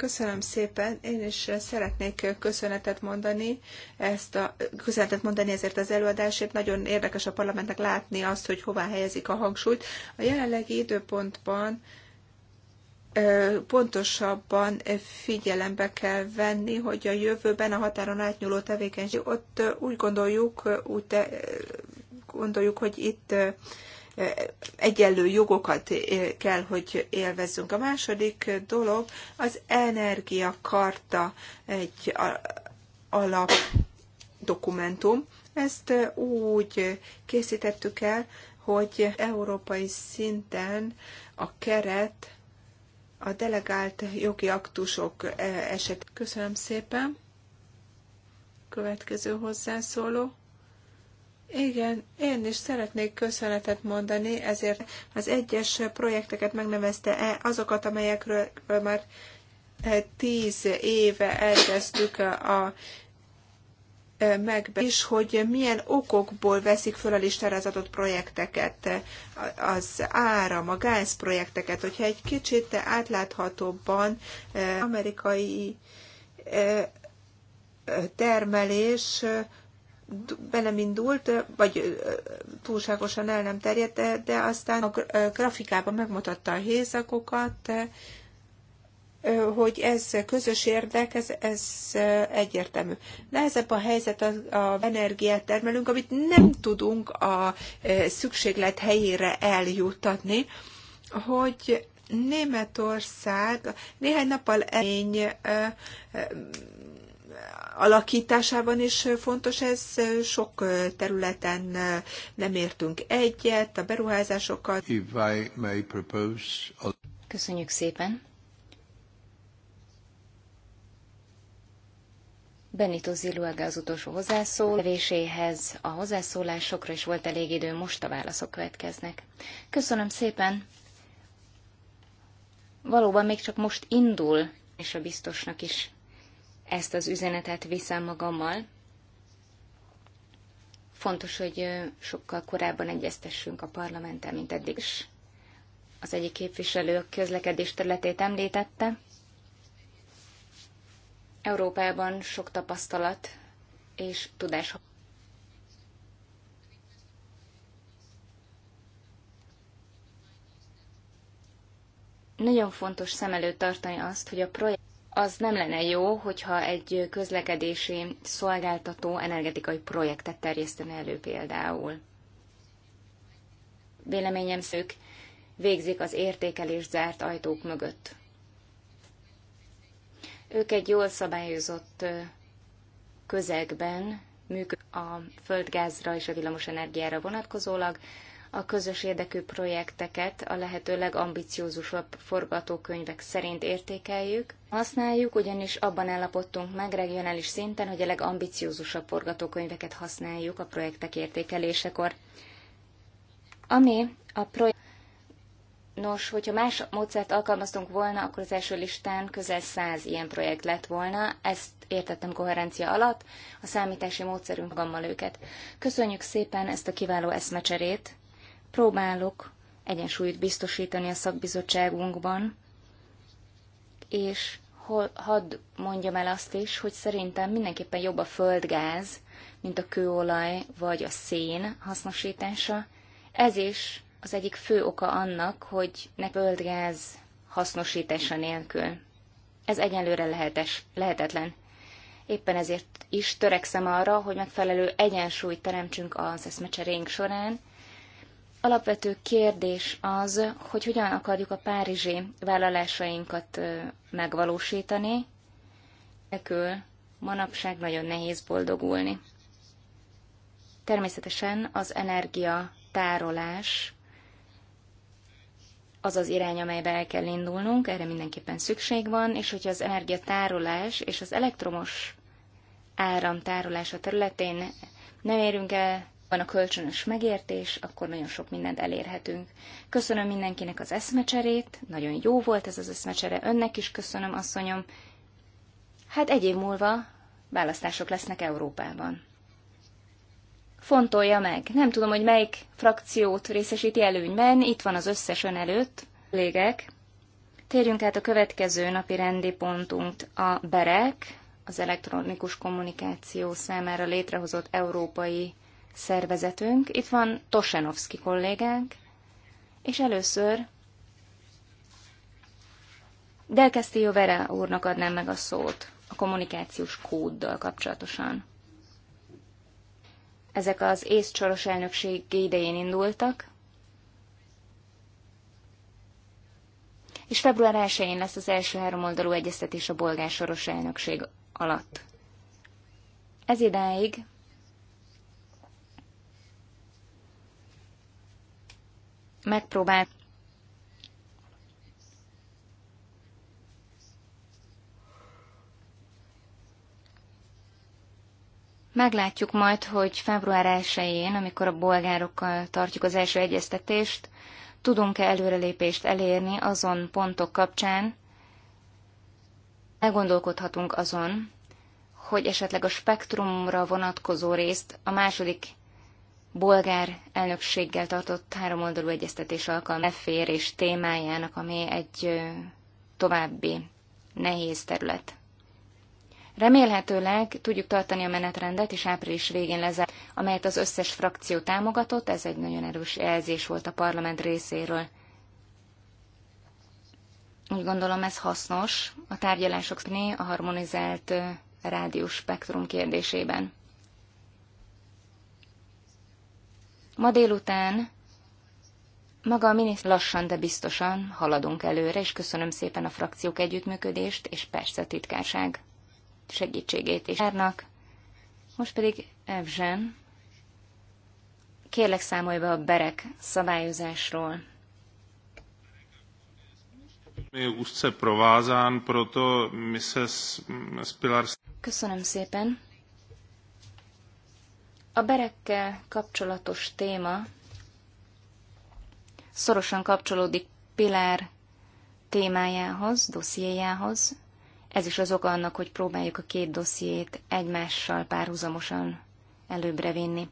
Köszönöm szépen. Én is szeretnék köszönetet mondani, ezt a, köszönetet mondani ezért az előadásért. Nagyon érdekes a parlamentnek látni azt, hogy hová helyezik a hangsúlyt. A jelenlegi időpontban pontosabban figyelembe kell venni, hogy a jövőben a határon átnyúló tevékenység, ott úgy gondoljuk, úgy te, gondoljuk, hogy itt egyenlő jogokat kell, hogy élvezzünk. A második dolog az energiakarta egy alap dokumentum. Ezt úgy készítettük el, hogy európai szinten a keret a delegált jogi aktusok e, eset. Köszönöm szépen. Következő hozzászóló. Igen, én is szeretnék köszönetet mondani, ezért az egyes projekteket megnevezte -e azokat, amelyekről már eh, tíz éve elkezdtük eh, a eh, megbe, és hogy milyen okokból veszik föl a listára az adott projekteket, az áram, a gáz projekteket, hogyha egy kicsit átláthatóbban amerikai termelés be nem indult, vagy túlságosan el nem terjedt, de, de aztán a grafikában megmutatta a hézakokat, hogy ez közös érdek, ez, ez egyértelmű. Nehezebb a helyzet, az, a energiát termelünk, amit nem tudunk a szükséglet helyére eljuttatni, hogy Németország néhány nappal elény alakításában is fontos ez. Sok területen nem értünk egyet, a beruházásokat. Köszönjük szépen. Benito Ziluaga az utolsó hozzászólévéséhez, a hozzászólásokra is volt elég idő, most a válaszok következnek. Köszönöm szépen. Valóban még csak most indul, és a biztosnak is ezt az üzenetet viszem magammal. Fontos, hogy sokkal korábban egyeztessünk a parlamenttel, mint eddig is. Az egyik képviselő a közlekedés területét említette. Európában sok tapasztalat és tudás nagyon fontos szem előtt tartani azt, hogy a projekt az nem lenne jó, hogyha egy közlekedési szolgáltató energetikai projektet terjesztene elő például. Véleményem szők végzik az értékelés zárt ajtók mögött. Ők egy jól szabályozott közegben működnek a földgázra és a villamosenergiára vonatkozólag, a közös érdekű projekteket a lehető legambiciózusabb forgatókönyvek szerint értékeljük. Használjuk, ugyanis abban állapodtunk meg regionális szinten, hogy a legambiciózusabb forgatókönyveket használjuk a projektek értékelésekor. Ami a projekt... Nos, hogyha más módszert alkalmaztunk volna, akkor az első listán közel száz ilyen projekt lett volna. Ezt értettem koherencia alatt, a számítási módszerünk gammal őket. Köszönjük szépen ezt a kiváló eszmecserét próbálok egyensúlyt biztosítani a szakbizottságunkban, és hadd mondjam el azt is, hogy szerintem mindenképpen jobb a földgáz, mint a kőolaj vagy a szén hasznosítása. Ez is az egyik fő oka annak, hogy ne földgáz hasznosítása nélkül. Ez egyelőre lehetes, lehetetlen. Éppen ezért is törekszem arra, hogy megfelelő egyensúlyt teremtsünk az eszmecserénk során, alapvető kérdés az, hogy hogyan akarjuk a párizsi vállalásainkat megvalósítani, nélkül manapság nagyon nehéz boldogulni. Természetesen az energia tárolás az az irány, amelybe el kell indulnunk, erre mindenképpen szükség van, és hogyha az energiatárolás és az elektromos áram tárolása területén nem érünk el van a kölcsönös megértés, akkor nagyon sok mindent elérhetünk. Köszönöm mindenkinek az eszmecserét, nagyon jó volt ez az eszmecsere, önnek is köszönöm, asszonyom. Hát egy év múlva választások lesznek Európában. Fontolja meg, nem tudom, hogy melyik frakciót részesíti előnyben, itt van az összes ön előtt. Légek, térjünk át a következő napi rendi pontunk, a BEREK, az elektronikus kommunikáció számára létrehozott európai szervezetünk. Itt van Tosenovski kollégánk, és először Del Castillo Vera úrnak adnám meg a szót a kommunikációs kóddal kapcsolatosan. Ezek az észcsoros elnökség idején indultak, és február 1-én lesz az első háromoldalú egyeztetés a bolgár soros elnökség alatt. Ez idáig megpróbál Meglátjuk majd, hogy február 1-én, amikor a bolgárokkal tartjuk az első egyeztetést, tudunk-e előrelépést elérni azon pontok kapcsán, elgondolkodhatunk azon, hogy esetleg a spektrumra vonatkozó részt a második bolgár elnökséggel tartott háromoldalú egyeztetés alkalma e fér témájának, ami egy további nehéz terület. Remélhetőleg tudjuk tartani a menetrendet, és április végén lezár, amelyet az összes frakció támogatott, ez egy nagyon erős jelzés volt a parlament részéről. Úgy gondolom ez hasznos a tárgyalások a harmonizált rádiós spektrum kérdésében. Ma délután maga a miniszter lassan, de biztosan haladunk előre, és köszönöm szépen a frakciók együttműködést, és persze a titkárság segítségét is járnak. Most pedig Evzsen, kérlek számolj be a berek szabályozásról. Köszönöm szépen. A berekkel kapcsolatos téma szorosan kapcsolódik Pilár témájához, dossziéjához. Ez is az oka annak, hogy próbáljuk a két dossziét egymással párhuzamosan előbbre vinni.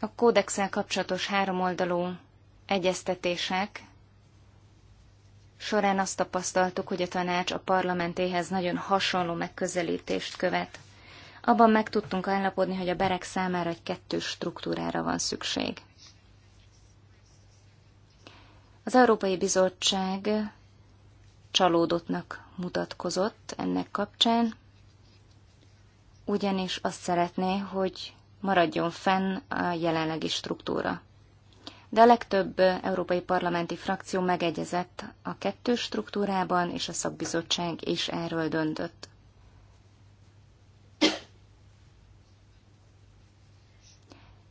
A kódexel kapcsolatos háromoldalú egyeztetések során azt tapasztaltuk, hogy a tanács a parlamentéhez nagyon hasonló megközelítést követ. Abban meg tudtunk állapodni, hogy a berek számára egy kettős struktúrára van szükség. Az Európai Bizottság csalódottnak mutatkozott ennek kapcsán, ugyanis azt szeretné, hogy maradjon fenn a jelenlegi struktúra de a legtöbb európai parlamenti frakció megegyezett a kettős struktúrában, és a szakbizottság is erről döntött.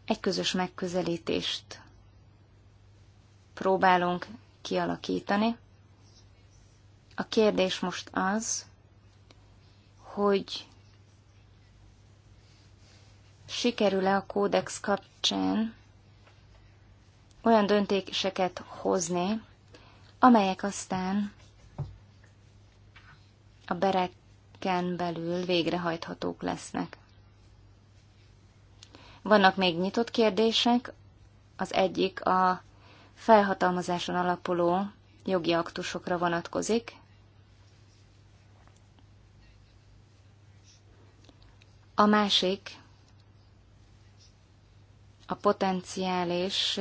Egy közös megközelítést próbálunk kialakítani. A kérdés most az, hogy sikerül-e a kódex kapcsán olyan döntéseket hozni, amelyek aztán a bereken belül végrehajthatók lesznek. Vannak még nyitott kérdések, az egyik a felhatalmazáson alapuló jogi aktusokra vonatkozik. A másik a potenciális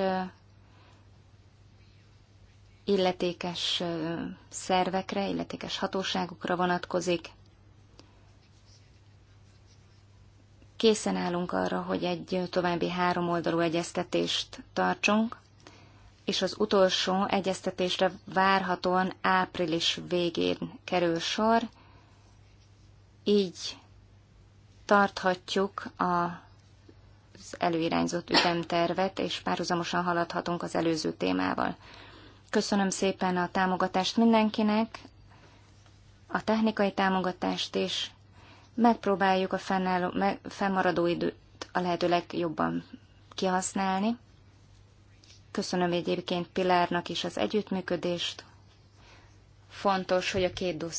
illetékes szervekre, illetékes hatóságokra vonatkozik. Készen állunk arra, hogy egy további három oldalú egyeztetést tartsunk, és az utolsó egyeztetésre várhatóan április végén kerül sor, így tarthatjuk a az előirányzott ütemtervet, és párhuzamosan haladhatunk az előző témával. Köszönöm szépen a támogatást mindenkinek, a technikai támogatást is. Megpróbáljuk a fennálló, meg, fennmaradó időt a lehető legjobban kihasználni. Köszönöm egyébként Pilárnak is az együttműködést. Fontos, hogy a két